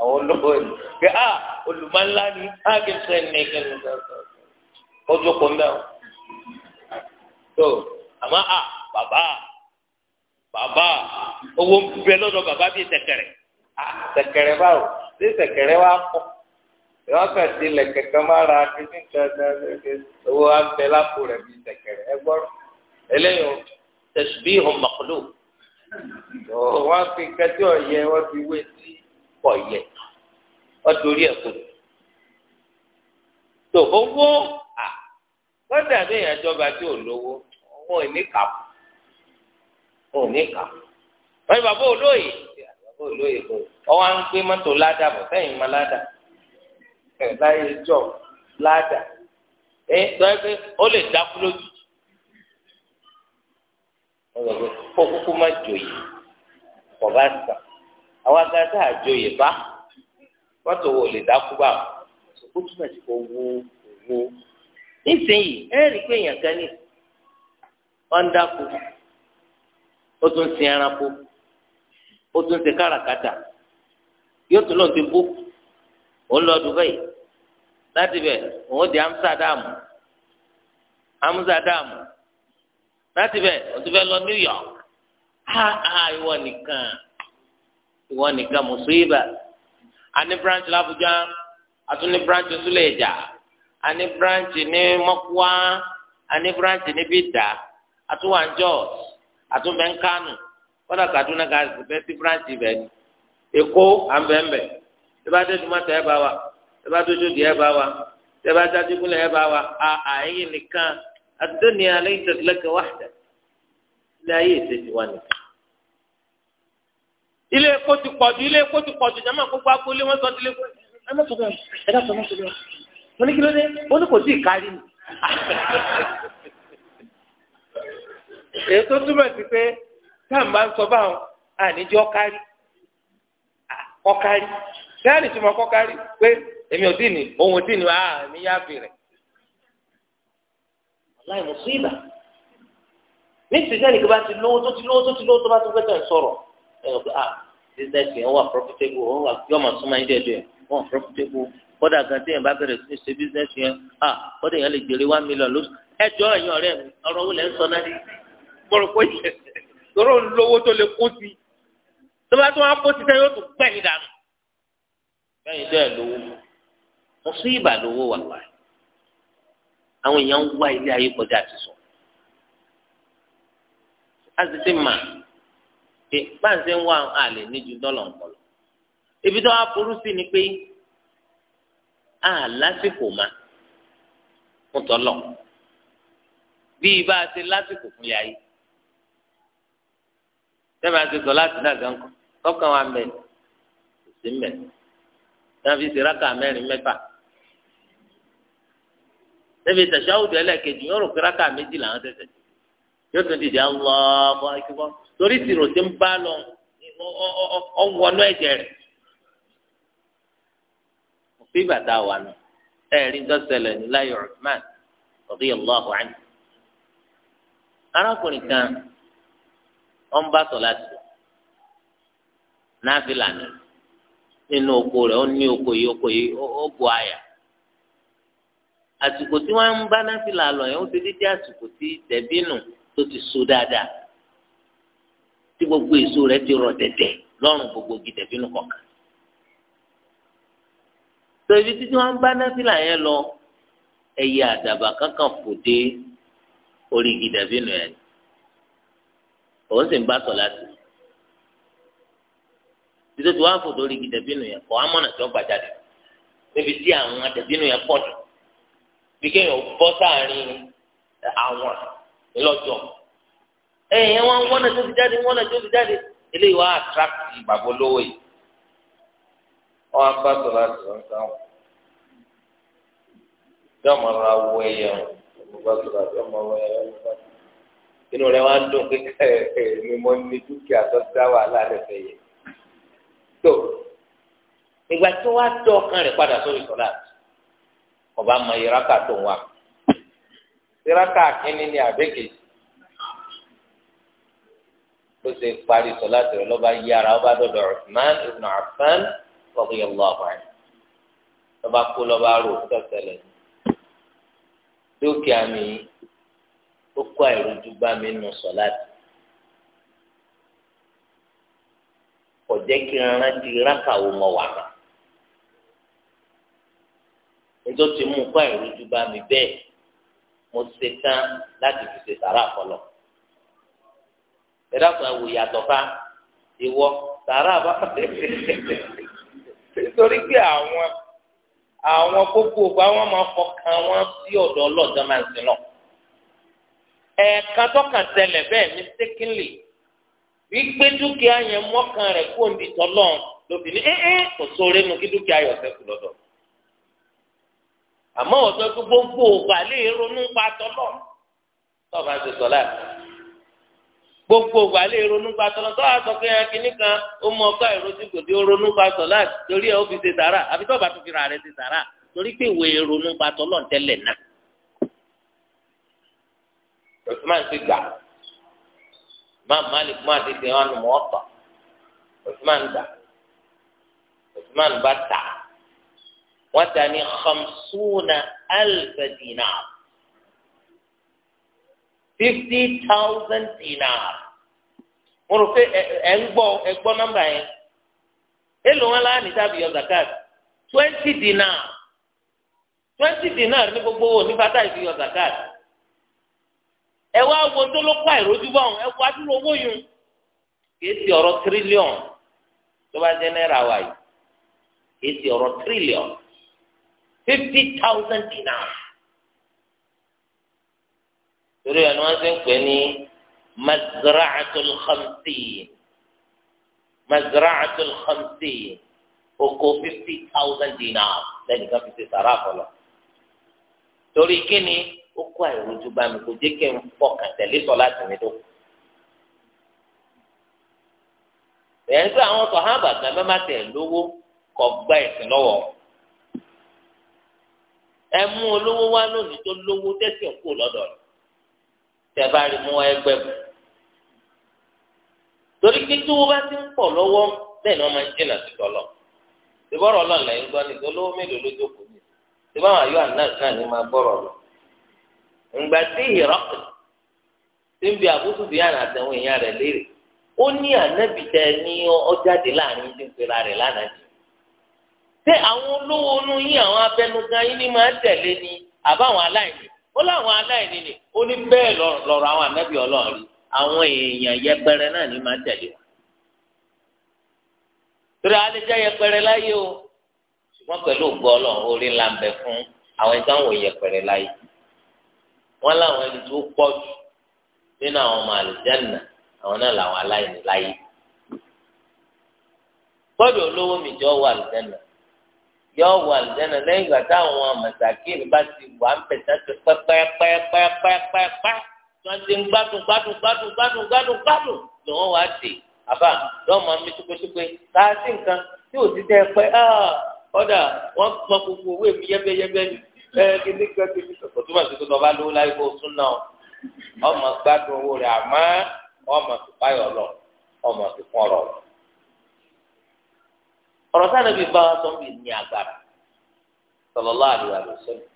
àwọn olówó ni pé a ah, olùmọ̀nlá ni a ah, kì í sọ ẹni kí ni ó jókòó mbẹ́ o tó àmọ́ a ah, bàbá bàbá owó bẹ lọ́dọ̀ bàbá bíi sẹ̀kẹ̀rẹ̀ a sẹ̀kẹ̀rẹ̀ báwo ṣé sẹ̀kẹ̀rẹ̀ wa kọ́ lọ́kàn tilẹ̀ kẹ̀kẹ́ máa ra kíní kankan owó abẹ lápò rẹ̀ bíi tẹ̀kẹ̀rẹ̀ ẹ gbọ́rọ̀ eléyìí tashbihun maqlub wọ́n fi kẹ́tí ọ̀yẹ́ wọ́n fi wé sí ọ̀yẹ́ wọ́n torí ẹ̀ kò tó owó à wọ́n dàbí ìyànjọba tí ò lówó wọn ò ní kàpù wọn ò ní kàpù wọ́n ní bàbá olóyè bàbá olóyè kò wọ́n wá ń gbé mọ́tò ládàbọ̀ sẹ́yìn máa ládàbọ̀ ẹ̀ láyé jọ ládàá ẹ̀ tọ́ ẹ pé ó lè dákú lójijì ọlọ́gbẹ́ kó kúkú má jòyè kọ̀ bá sàn àwọn agadá àjòyè bá mọ́tò wo lè dákú bá o túmọ̀ sí kó wo wo nísìnyí ẹ rí i pé èèyàn kan ní wọ́n dákú ó tún sin ẹranko ó tún sin káràkátà yóò tún lọ́ọ́ ti bú òun lọ́ọ́ Dubai láti bẹ̀ òun di amsterdam amsterdam láti bẹ̀ òun ti lọ new york ha ha ìwọ nìkan ìwọ nìkan mùsùlùmí a ní branch làbújá a tún ní branch suleja a ní branch ní mọ́kúá a ní branch ní bídà a tún wà ní jos a tún bẹ́ ń kánò kọ́dà kaduna gàdùn bẹ́ẹ̀ sí branch ibẹ̀ ni tẹ́bá dójú di ẹ bá wa tẹ́bá dájú kúlẹ̀ ẹ bá wa a àyè nìkan àdóníyà lẹ́yìn tẹ̀lẹ́kẹ̀ wá dẹ̀ ilé ayé ìṣèjì wa nìkan. ilé epo ti pọ̀jù ilé epo ti pọ̀jù jàmọ́ àkókò akólé wọn sọ ilé epo ẹ má sọgbọn ẹ dá sọ má sọgbọn mo ní kí ló dé ó ní kò sí ìkárí mi. (laughs) èyí tó túmọ̀ sí pé táà ń ń sọ báwọn àníjọ́ kárí ọkárí gáàrí tí mo pé èmi ò tí ì ní ohun tí ì ní wá ah, mi yá fi rẹ̀ láì mú sí ìbà ní ìsìnkú ẹnì kan bá ti lówó tó ti lówó tó ti lówó tó bá tó fẹ́tọ̀ sọ̀rọ̀ ẹ lọ pé ah business yẹn wà profitable ó wà yọ ọmọ súnmọ́ ẹ̀jẹ̀ jẹ wọn profitable kódà gan tí yẹn bá bẹ̀rẹ̀ sí ṣe business yẹn ah kódà yẹn lè jèrè one million lóṣù ẹjọ́ ẹ̀yin ọ̀rẹ́ mi ọ̀rọ̀ wo lẹ́ ń sọ náà ní gbọ́dọ̀ kó tọ́rọ̀ ń lówó tó lè kó sí tó bá tó wá kó sí sẹ́yìn ó tún gbẹ̀yìn dànù gbẹ̀yìn dẹ́ lówó mùsíbà lówó wà wáyé àwọn èèyàn ń wá ilé ayé kọjá àti sọ a sì ti mà pé bá ń ṣe ń wá àlè níjú dọ́là ọ̀pọ̀lọ̀ ibi tó wá burú sí ni pé a lásìkò ma, fún tọ́lọ̀ bí ibà ti lásìkò fún yàrá sẹ́mi àti sọ láti dàgbà ńkọ tọ́kàn wa mẹ́rin kò sí mẹ́rin. náà fi ṣe rákà mẹ́rin mẹ́fà ẹbí tàṣáwùdù ẹlẹ́ẹ̀kejì yóò rò pé rákà méjì làwọn tẹ̀sẹ̀ yóò tún dìde Allahu akbar torí tìrò tí ń bá lọ ọ̀wọ́nú ẹ̀jẹ̀ rẹ̀ òfin bàtà wà nù ẹ̀rí dọ́sẹ̀lẹ̀ ní láyé Uthman radiyallahu anhu arákùnrin kan ọ̀n bá sọ̀ láti náà fi lànà. nínú oko rẹ̀ ó ní oko yìí oko yìí ó bu àyà àsìkò tí wọ́n ń bá náfìlà lọ yẹn ó ti dídí àsìkò tí dẹ̀bínù tó ti so dáadáa tí gbogbo èso rẹ̀ ti rọ̀ dẹ̀dẹ̀ lọ́rùn gbogbo igi dẹ̀bínù kọ̀ọ̀kan tó ibi títí wọ́n ń bá náfìlà yẹn lọ ẹyẹ àdàbà kankan fò dé orí igi dẹ̀bínù yẹn òun sì ń bá sọ láti títí tí wọ́n á fò lórí igi dẹ̀bínú yẹn kọ́ amọ̀nà tí wọ́n gbà jáde níbi tí àwọn dẹ̀bínú yẹn pọ̀ jù bí kéèyàn bọ́ sáàrin àwọn lọ́jọ́ ẹ̀yìn wọn wọ́nà tó fi jáde wọ́nà tó fi jáde eléyìí wọ́n á attract ìgbàgbọ́ lówó yìí wọ́n á bá sọ̀rọ̀ àti wọn sáwọn yọmọ ra wọ ẹyẹ o bàbá tó bá wọ ẹyẹ o bàbá inú rẹ wá dùn pé ẹ ẹ mi mọ ní dúkìá tó dá wàhálà rẹ fẹ yẹ tó ìgbà tí wọ́n á tọ́ ọkàn rẹ̀ padà sórí sọ́lá ọba mọ ìrákà tó wà ìrákà kínní ni àbẹ́kẹ̀jì ó ṣe parí sọ́lá tẹ̀rẹ̀ lọ́ba yára ọba dọ̀dọ̀ Uthman ibn Affan radiyallahu anhu lọ́ba kú lọ́ba rò tọ̀tẹ̀lẹ̀ dúkìá mi ó kó àìrójú bá mi nù kí n rántí rákàwọ́ mọ̀ wà mà nítorí tí mú kọ́ ìrújú bá mi bẹ́ẹ̀ mo ṣe tán láti fi ṣe sàrà fọlọ́ ẹ̀dá kan wò yàtọ̀ fa ìwọ sàrà bá (laughs) nítorí pé àwọn àwọn gbogbo ògbà wọn máa fọkàn wọn sí ọ̀dọ̀ ọlọ́dọ̀ máa ń sin lọ ẹ̀ẹ̀kan tó kàn ṣẹlẹ̀ bẹ́ẹ̀ mistakenly. wípé dúkìá yẹn mọ́kàn rẹ̀ kó ní tọ́lọ́ lófin ẹ́ẹ́ kò sóore kí dúkìá yọ sẹ́kù lọ́dọ̀ àmọ́ ọ̀dọ́ tó gbogbo ògbà lè ronú pa tọ́lọ́ tọ́ba ti sọ gbogbo ògbà lè ronú pa tọ́lọ́ tọ́ba sọ pé ó ọkọ kò dé ṣe sàrà àbí tọ́ba tó fi ra máa Malik máa ti fi hàn mọ́ ọ̀tọ̀ Usman gbà Usman bá tà wọ́n ta ní khamsuna alfa dinar fifty thousand dinar mo rò pé ẹ ń gbọ́ ẹ gbọ́ nọ́mbà yẹn èlò wọn láà ní sábì yọ twenty dinar twenty dinar ní gbogbo owó ní fata ìfi yọ ẹ wá wo tó ló kó àìrójú bá wọn ẹ wá dúró owó yun kìí ti ọ̀rọ̀ tírílíọ̀n tó bá jẹ́ náírà wa yìí kìí ti ọ̀rọ̀ tírílíọ̀n fifty thousand dinar torí ẹni wọn ti ń pè ní mazra'atul khamsin mazra'atul khamsin oko fifty thousand dinar lẹ́yìn kan fi ṣe sàrà fọlọ torí kíni ó kó àìrojú bá mi kò jẹ́ kí n fọkàn tẹ̀lé sọ láti mi tó. ẹ̀yìn pé àwọn sọ̀hábà gan bẹ́ẹ̀ má tẹ̀ lówó kọ̀ gba ẹ̀sìn lọ́wọ́ ẹ mú olówó wá lónìí tó lówó tẹ̀sìn kú lọ́dọ̀ rẹ̀ tẹ̀ bá rí mú ẹgbẹ́ bù torí pé tí wọ́n bá ti ń pọ̀ lọ́wọ́ bẹ́ẹ̀ ni wọ́n máa ń jìnnà sí tọ́lọ̀ ìbọ̀rọ̀ ọlọ́ọ̀lẹ́yìn gbọ́ ni olówó mélòó ló jókòó ni ìbáwọn àyọ̀ àná ǹgbà tí ìrọ́pì tí ń bi àbúrò bí àná àtẹ̀wọ̀n èèyàn rẹ̀ léèrè ó ní ànábì tẹ ní ọjáde láàrin tí ń pera rẹ̀ lánàá jù àwọn olówó inú yín àwọn abẹnugan yín ni máa tẹ̀lé ni àbáwọn aláìní ó láwọn aláìní ni ó ní bẹ́ẹ̀ lọ́rọ̀ àwọn ànábì ọlọ́run rí àwọn èèyàn yẹpẹrẹ náà ni máa tẹ̀lé wọn torí alẹ́já yẹpẹrẹ láyé o ṣùgbọ́n pẹ̀lú ògbọ́ ọlọ́run orí ńlá ń bẹ fún àwọn ìtàn yẹpẹrẹ láyé wọn láwọn ẹni tó pọ̀ jù nínú àwọn ọmọ àlùjánnà àwọn náà làwọn aláìní láyé gbọ́dọ̀ olówó mi jọ wà àlùjánnà yọ wà àlùjánnà lẹ́yìn ìgbà táwọn àmàtàkìrì bá ti wà ń pẹ̀tẹ́ ti pẹ́pẹ́pẹ́pẹ́pẹ́pẹ́ tí wọ́n ti ń gbádùn gbádùn gbádùn gbádùn gbádùn gbádùn ni wọ́n wá dé àbá lọ́mọ mi túpẹ́túpẹ́ káàsì nǹkan tí ò ti tẹ́ pẹ́ ah, ọ́dà wọ́n pọn gbogbo owó èmi yẹ́bẹ́yẹ́bẹ́ ni. ẹ kìíní kan kìíní kan kò túbọ̀ sí pé tọ́ba lówó láyé kó náà ọmọ gbádùn owó rẹ àmọ́ ọmọ tó báyọ̀ lọ ọmọ tó pọ̀ rọ̀ ọ̀rọ̀ sáré bíi bá wa sọ bíi ní agbára sallallahu alaihi wasallam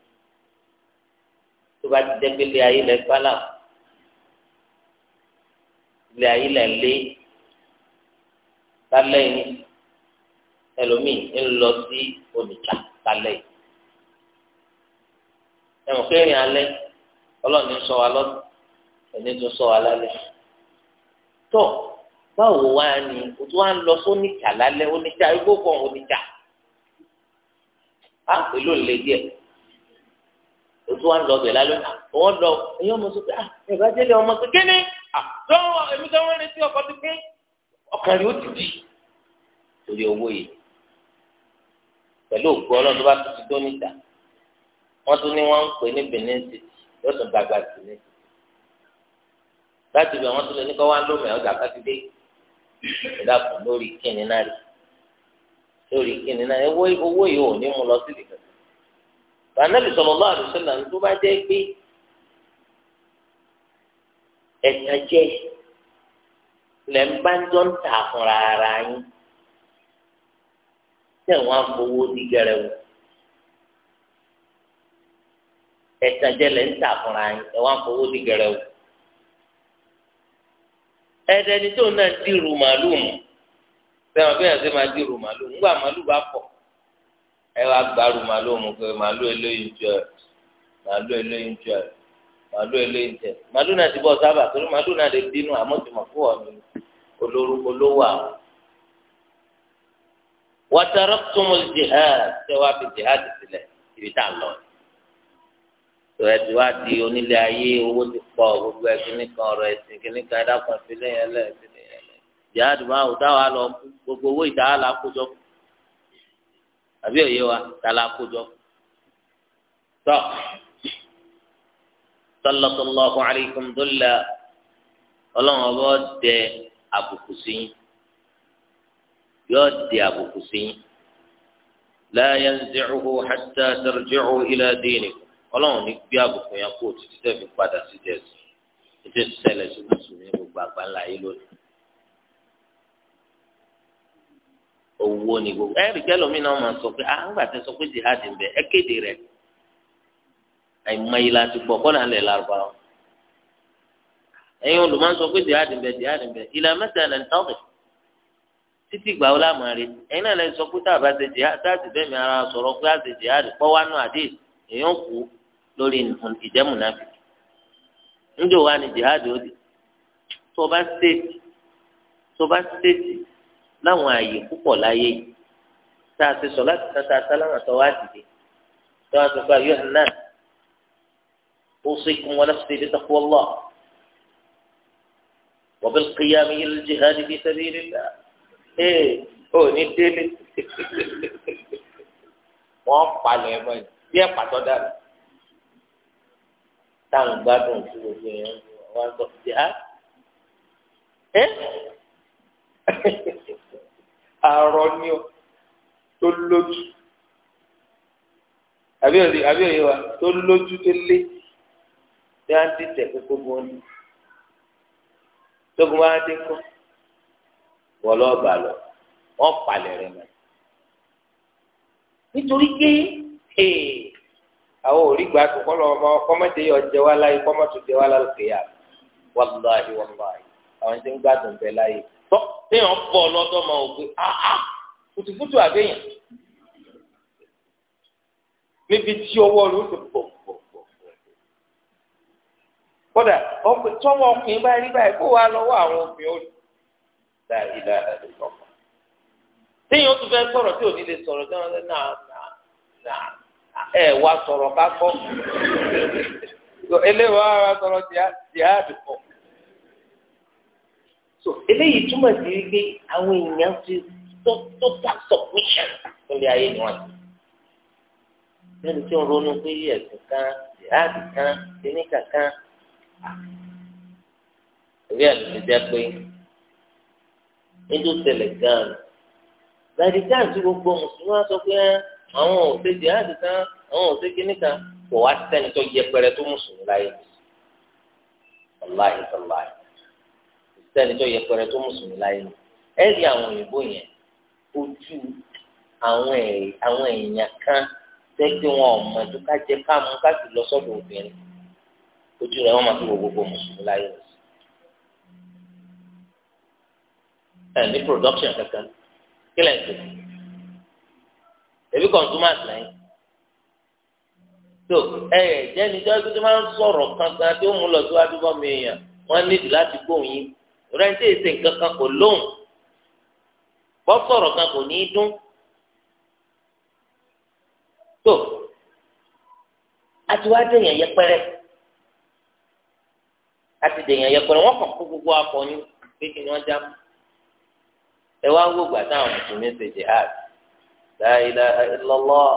tó bá ti ayé lẹ ayé ẹ̀mọ̀ pé ìrìn alẹ́ ọlọ́run ní sọ wa lọ́dún ẹni tó sọ wa lálẹ́ tó báwo wá ni o tún wá ń lọ sóníjà lálẹ́ oníjà igbó kan oníjà á pè ló lè díẹ̀ o tún wá ń lọ bẹ̀ lálẹ́ wọ́n lọ ẹ̀yọ́ ọmọ sọ́kẹ́ à ìbájẹ́lẹ̀ ọmọ sọ́kẹ́ kíni àtọ́wọ́ èmi tó wọ́n retí ọkọ̀ ti pín ọkàn rẹ̀ ó ti dì torí owó yìí pẹ̀lú òkú ọlọ́run tó bá tó ti dóníjà wọ́n tún ní wọ́n ń pè ní Benin City yóò tún dàgbà sí ní láti bẹ̀ wọ́n tún lè ní kọ́ wá lómi ọjà kátidé ìdàpọ̀ lórí kíni náà rí lórí kíni náà owó owó yìí ò ní mu lọ sí ìdìbò bàánẹ́lì sọ̀rọ̀ lọ́wọ́ àdùsọ́là tó bá jẹ́ pé ẹ̀ka jẹ́ lẹ́ ń bá ń jọ ń tà fúnra ara yín tẹ̀ á fowó ní gẹrẹ́wò. ẹ̀tànjẹ lẹ̀ ń tà fúnra yín ẹ̀ wá fowó o. tó náà dìrù màlúù mu sẹ́wọ̀n bí ẹ̀sẹ̀ máa dìrù màlúù mu ńgbà màlúù bá pọ̀ ẹ wá gbàrú màlúù mu pé màlúù eléyìí jọ ẹ̀ màlúù eléyìí jọ ẹ̀ màlúù eléyìí jẹ màlúù náà ti bọ̀ sábà torí màlúù náà lè bínú tó ẹ ti wá di onílé ayé owó ti pọ̀ gbogbo ẹ kìnnìkan ọ̀rọ̀ ẹ̀sìn kìnnìkan ẹ dákun ìfilẹ yẹn lẹ ìfilẹ yẹn lẹ jihadu máa wò táwa lọ gbogbo owó ìdáwà la kó àbí òye wa tá la kó jọ tọ sallallahu alaykum dọ́là ọlọ́run ọba dẹ àbùkù sí yín yóò dẹ àbùkù sí yín la yanzi'uhu hatta tarji'u ila dinikum ọlọ́run ní gbé àbùkù yẹn kó títí tẹ̀mí padà sí jẹ̀sì ètò ìṣẹ̀lẹ̀ sí mùsùlùmí gbogbo àgbáńlá yìí lónìí. owó ni gbogbo ẹ̀rí kẹlòmínà máa sọ pé ah ńgbà tẹ sọ pé jihad ń bẹ ẹ kéde rẹ̀ àìmọye la ti gbọ́ kọ́nà ńlẹ̀ lárúbáwá ẹ̀yin olùmọ̀ọ́ sọ pé jihad ń bẹ jihad ń bẹ ìlà mẹ́ta lẹ̀ ń tọ́kì títí gbà ó láàmú rí ẹ̀yin náà lẹ sọ pé tá a bá ṣe jihad tá a sì bẹ́ẹ̀ mi ara sọ̀rọ̀ pé a ṣe jihad pọ́ wánú àdéhùn èèyàn kú lórí ìjẹ́múnáfíkì ńjọ wa ni jihad ó tó bá ṣèètì tó bá ṣèètì láwọn ààyè púpọ̀ láyé tá a ti sọ láti tán tá a sá dìde tó a sọ pé yohanan أوصيكم ونفسي بتقوى الله وبالقيام إلى الجهاد في سبيل الله إيه ó ní (laughs) táwọn gbádùn sí gbogbo yẹn wọn sọ sí á ẹ àrọ ni ọ tó lójú àbí òye wa tó lójú tó lé tí wọn ti tẹ kókó gbóni tókùn bá dé kọ wọlé ọba lọ wọn palẹ rẹ mọ nítorí pé ee àwọn òrí gbà tó kọ́ lọ́wọ́ kọ́mọ́tẹ́ yọ jẹ wá láyé kọ́mọ́tò jẹ wá lálùkè yá wàlúwàhí wàlúwàhí àwọn tí ń gbádùn bẹ láyé tọ́ téèyàn bọ̀ lọ́dọ̀ máa wò pé áá kùtùkùtù àbẹ̀yàn níbi tí ọwọ́ rẹ̀ ó ti pọ̀ pọ̀ pọ̀ kódà tọ́wọ́ ọkùnrin bá rí báyìí kó wàá lọ́wọ́ àwọn obìnrin ó dá ìlà àdúgbò téèyàn tún fẹ́ sọ̀rọ̀ tí ò ní lè sọ̀rọ̀ tí wọ́n fẹ́ náà náà náà ẹ wá sọ̀rọ̀ ká kọ́ eléyìí wá wá sọ̀rọ̀ jihadi kọ́ so eléyìí túmọ̀ sí wípé àwọn èèyàn ti tó tó ta submission lórí ayé ni wọ́n ti lẹ́nu tí ń ronú pé ẹ̀sìn kan jihadi kan kíníkà kan ìwé ẹ̀ ló ti jẹ́ pé nítorí tẹ̀lẹ̀ gan-an gbàdí káàtì gbogbo mùsùlùmí wọn sọ pé ẹ́ àwọn ò ṣe jihadi kan àwọn ò ṣe kíní kan kò wá sẹ́ni tó yẹpẹrẹ tó mùsùlùmí láyé wàláyé wàláyé sẹ́ni tó yẹpẹrẹ tó mùsùlùmí láyé ẹ rí àwọn òyìnbó yẹn ojú àwọn àwọn èèyàn kan tẹ́gbẹ́ wọn ọ̀mọ tó ká jẹ ká mú ká sì lọ sọ́dọ̀ obìnrin ojú rẹ̀ wọ́n máa fi wo gbogbo mùsùlùmí láyé ẹ̀ ní production kankan kílẹ̀ ń tẹ̀lé ẹbí consumers lẹ́yìn tó ẹ jẹni tó ẹgbẹ tó máa ń sọ̀rọ̀ kankan tó mú lọ síwájú bọ mi èèyàn wọn nídìí láti gbóhùn yín rẹńtẹ èsè nǹkan kan kò lóhùn bọ́ sọ̀rọ̀ kan kò ní í dún tó àti wáá dèèyàn yẹpẹrẹ àti dèèyàn yẹpẹrẹ wọn kàn kó gbogbo akọni pé kí wọn já ẹ wá wò gbà táwọn mùsùlùmí ṣe jihad la ilaha illallah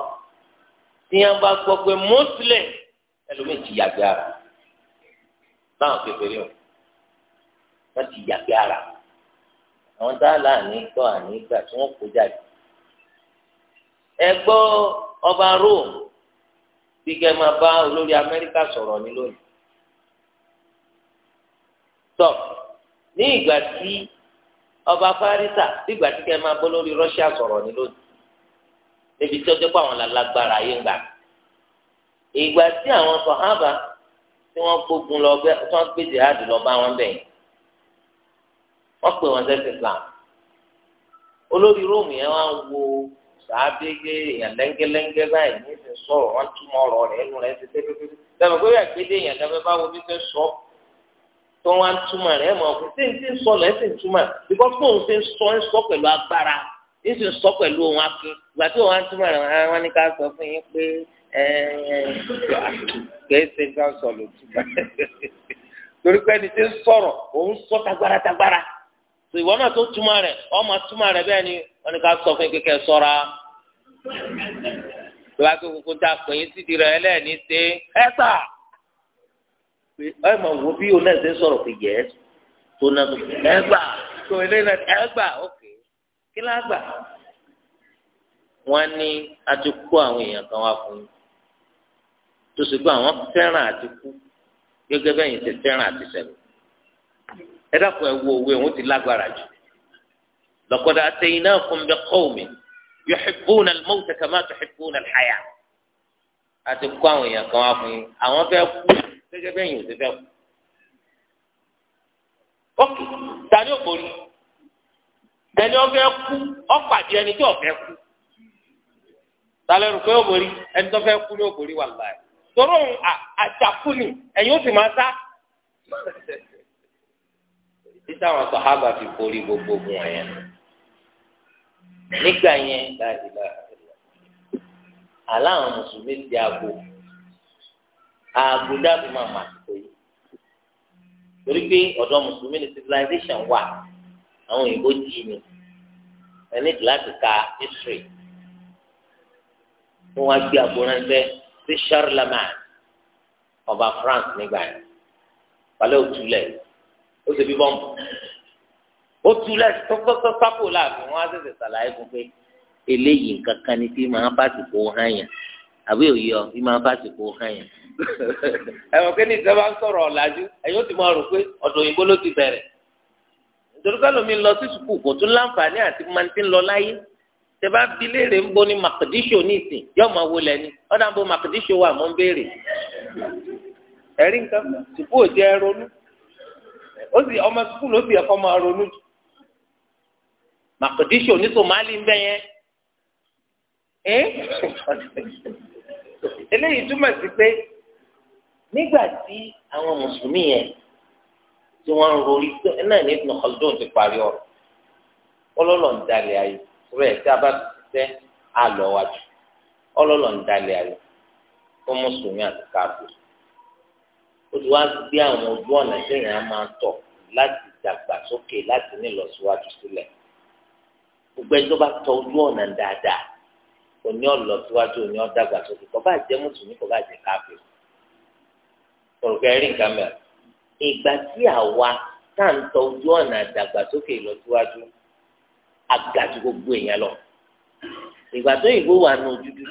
tí wọn bá pé muslim ẹlòmíì ti yàgbé ara báwọn kékeré o wọn ti yàgbé ara àwọn dáhàlà àní gbọ́ àní gbà tí wọn kó jáde ẹ gbọ́ ọba Rome bí kẹ máa bá olórí Amẹ́ríkà sọ̀rọ̀ ní lónìí tọ ní ìgbà tí ọba Fárísà bí ìgbà tí kẹ máa bọ́ lórí Rọ́ṣíà sọ̀rọ̀ ní lónìí níbi tí ọjọ́ pé àwọn lálágbára ayé ń gbà. ìgbà tí àwọn sọ̀hábà tí wọ́n gbógun lọ bẹ́ tí wọ́n gbé jihad lọ bá wọn bẹ̀yìn wọ́n pè wọ́n sẹ́sẹ̀ Islam. olórí róòmù yẹn wá ń wo sàábé gbé èèyàn lẹ́ńgẹ́lẹ́ńgẹ́ báyìí ní ìsìn sọ̀rọ̀ wọ́n túmọ̀ ọ̀rọ̀ rẹ̀ ẹnu rẹ̀ ti tẹ́tẹ́tẹ́ tẹ́lẹ̀ pé àgbédé èèyàn kan fẹ́ bá wo bí fẹ́ sọ tó wá ń túmọ̀ rẹ̀ mọ̀ kó tí ń tí ń sọ lẹ́sìn túmọ̀ bíkọ́ fóun ti ń sọ ń sọ pẹ̀lú agbára yíṣu sọ pẹ̀lú ohun akin ìgbà tí òun á túmọ̀ rẹ̀ wọ́n ní ká sọ fún yín pé kìí ṣe ká sọ ló túmọ̀ (laughs) torí pé ẹni tí ń sọ̀rọ̀ òun sọ tagbára tagbára ìwọ náà tó túmọ̀ rẹ̀ ọmọ rẹ̀ bẹ́ẹ̀ ni wọ́n ní ká sọ fún yín sọ́ra kí ló gbà wọn ní a ti kó àwọn èèyàn kan wá fún yín tó sì gbọ́ àwọn fẹ́ràn àti kú gẹ́gẹ́ bẹ́yìn ti fẹ́ràn àti sẹlẹ ẹ dákun ẹ wo òwe òun ti lágbára jù laqad ataynakum biqawmin yuhibbuna al-mawta kama tuhibbuna al-hayah àti kó àwọn èèyàn kan wá fún yín àwọn fẹ́ kú gẹ́gẹ́ bẹ́yìn ti fẹ́ kú. ókè tani ò borí. tẹni ọfẹ kú ọpàdé ẹni tí ọfẹ kú talẹrù pé ó borí ẹni tó fẹ́ kú ni borí wà láàyè tọrọ àjàkúni ẹ̀yin ó sì máa sá títí àwọn fi borí gbogbo ogun nígbà yẹn mùsùlùmí ti dábì máa máa torí pé ọ̀dọ̀ mùsùlùmí ni civilization wà. àwọn òyìnbó jì ní ẹ ní láti ka history wọn wá gbé àgbórántẹ sí charlemagne ọba france nígbà yẹn balẹ̀ òtúlẹ̀ ó ṣe bí bọ́ǹbù ó túlẹ̀ tọ́tọ́tọ́ sápò láàfin wọn á ṣẹ̀ṣẹ̀ ṣàlàyé fún pé eléyìí nǹkan kan ni tí màá fásitì ó hàn yẹn àbí òye ọ bí màá fásitì ó hàn yẹn. (laughs) ẹ̀wọ̀n kí ni ìjọba ń sọ̀rọ̀ ọ̀làjú ẹ̀yin ó ti máa rò pé ọ̀dọ̀ òyìnbó ló ti bẹ̀rẹ̀ torúkọ lomi lọ sí sukùl kò tún láǹfààní àti mantí ń lọ láyé tẹ́bá fi léèrè ń bo ni makadisho ní yóò máa wọlé ni ọ̀dà ń bo makadisho wà mọ́ ń béèrè ẹ̀rí nǹkan sukùl ò jẹ́ ronú ó sì ọmọ sukùl ó sì ẹ̀kọ́ máa ronú jù makadisho ní somali ń bẹ́ yẹn ẹ́ eléyìí túmọ̀ sí pé nígbà tí àwọn mùsùlùmí yẹn tí wọ́n ń rori náà ní Ibn Khaldun ti parí ọ̀rọ̀ ọlọ́lọ́ ń dalẹ̀ ayé rẹ̀ tí a bá ti sẹ́ àlọ́ wájú ọlọ́lọ́ ń dalẹ̀ ayé fún mùsùlùmí àti káfíńsì ó ti wá gbé àwọn ojú ọ̀nà tí èèyàn máa ń tọ̀ láti dàgbàsókè láti ní ìlọsíwájú sílẹ̀ gbogbo ẹni bá tọ ojú ọ̀nà dáadáa kò ọ̀lọ́síwájú ò ọ̀dàgbàsókè kò bá jẹ́ mùsùlùmí kò bá jẹ́ káfíńsì kò ẹ̀rí nǹkan mẹ́rin ìgbà tí àwa tá à ń tọ ojú ọ̀nà àdàgbàsókè ìlọsíwájú àgàjù gbogbo èèyàn lọ ìgbà tó ìbò wà ní ojú dúdú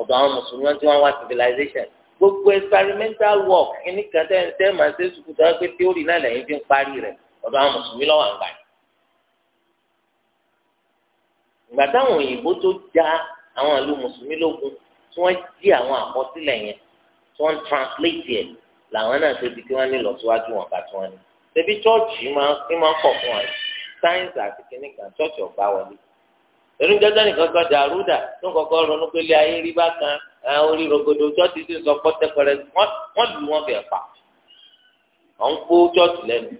ọ̀dọ̀ àwọn mùsùlùmí tí wọ́n wá civilization gbogbo experimental work ẹni kan tẹ́ ẹ máa ṣe sùkúù tó wá pé theory náà lẹ́yìn fi ń parí rẹ̀ ọ̀dọ̀ àwọn mùsùlùmí lọ́wọ́ àgbà yìí. ìgbà táwọn òyìnbó tó já àwọn ìlú mùsùlùmí lógun tí wọ́n jí àwọn àkọsílẹ̀ yẹn tí wọ́n translate yẹn làwọn náà tó di pé wọ́n ní lọ́síwájú wọn bá tí wọ́n ní. ṣebí chọ́ọ̀chì máa ń máa ń pọ̀ fún wa sáyẹ́ǹsì àti kìnnìkan chọ́ọ̀chì ọ̀gbá wọlé. ẹnu jẹ́jẹ́ nìkan kan dàrúdà tó ń kọ́kọ́ ronú pé ilé ayé rí bákan orí rogodo chọ́ọ̀chì sì ń sọ pọ́ tẹ́pẹ́rẹ́ wọ́n lù wọ́n bẹ̀ pa. wọ́n kó chọ́ọ̀chì lẹ́nu.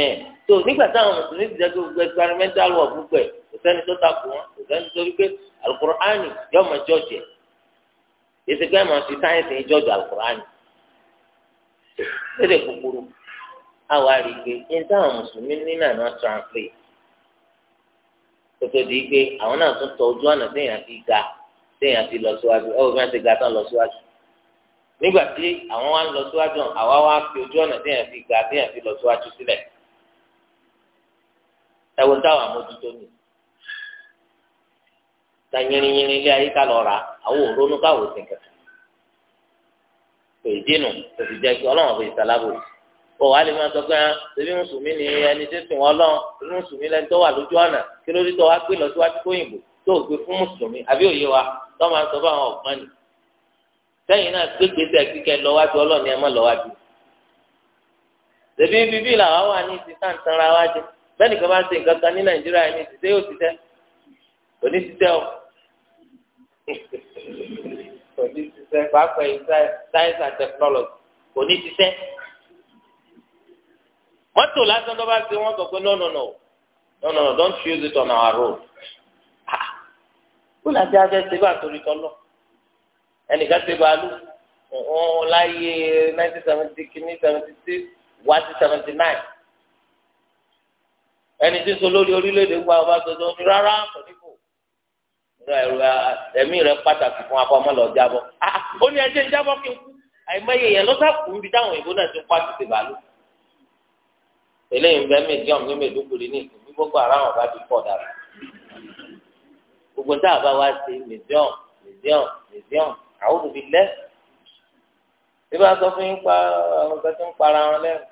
ẹ tó nígbà táwọn mùsùlùmí ti dẹ́gbẹ́ gbogbo experimental work gbogbo ẹ̀ kò sẹ́ni tó takò wọn kò sẹ́ni tó rí pé alukur'ani yọ̀ọ́ mọ̀ chọ́ọ̀chì ẹ̀ èsì pé màá fi sáyẹ́ǹsì ìjọ́jọ́ alukur'ani lédè kúkúrú a rí i pé ní táwọn mùsùlùmí ní náà náà translate tòtò di pé àwọn náà tún tọ ojú ọ̀nà téèyàn fi ga téèyàn fi lọ síwájú ẹ wò ti ga tán lọ síwájú nígbà tí àwọn wa ń lọ fi ojú ọ̀nà téèyàn fi ga téèyàn fi lọ síwájú sílẹ̀ ẹ táwọn ta yìnrìnyìnrìn ilé ayé ká lọ rà èdínù òsì jẹ́ kí ọlọ́run fi ìsàlábò ó wàá lè máa sọ pé ah, ṣebí mùsùlùmí ni ẹni tó sìn wọn lọ́n ṣebí mùsùlùmí lẹni tó wà lójú ọ̀nà kí ló dé tó wá gbé lọ síwájú kóyìnbó tó gbé fún mùsùlùmí àbí òye wa tó máa sọ fún àwọn ọ̀gbọ́n ni sẹ́yìn náà gbégbé sẹ́ kíkẹ́ lọ́wájú ọlọ́ọ̀ni ẹ̀ mọ́ lọ́wájú ṣebí bíbí làwa wà ní ti sáǹtanra wa jẹ bẹ́ẹ̀ nìkan bá ń ṣe nǹkan kan ní nàìjíríà ní ti sẹ́ yóò ti sẹ́ kò ní ṣiṣẹ́ pàápàá yìí science and technology kò ní ṣiṣẹ́. mọ́tò lásán tó bá ṣe wọ́n sọ pé no no no no no no don't use it on our road. kó làjẹ́ abẹ́ ṣe bá torí tọ́lọ̀ ẹnìkan ṣe bàálù wọn láyé nineteen seventy kìíní seventy six wá sí seventy nine ẹni tí ń sọ lórí orílẹ̀-èdè wa ọba tuntun ní rárá kò ní ẹ̀mí rẹ pàtàkì fún akọ ọmọ lọ jábọ̀ ah, ó ní ẹjẹ jábọ̀ kí n kú àìmọye èèyàn ló sàkùn níbi táwọn òyìnbó náà ti ń pàtó ti bàálù eléyìí ń bẹ mẹjọm ní mẹdókòlì ní ìsìnkú gbogbo ara wọn bá ti pọ̀ dàrú gbogbo táà bá wá sí mẹjọm mẹjọm mẹjọm àwọn òbí lẹ bí bá sọ fún yín pa àwọn kan tó ń para wọn lẹ́nu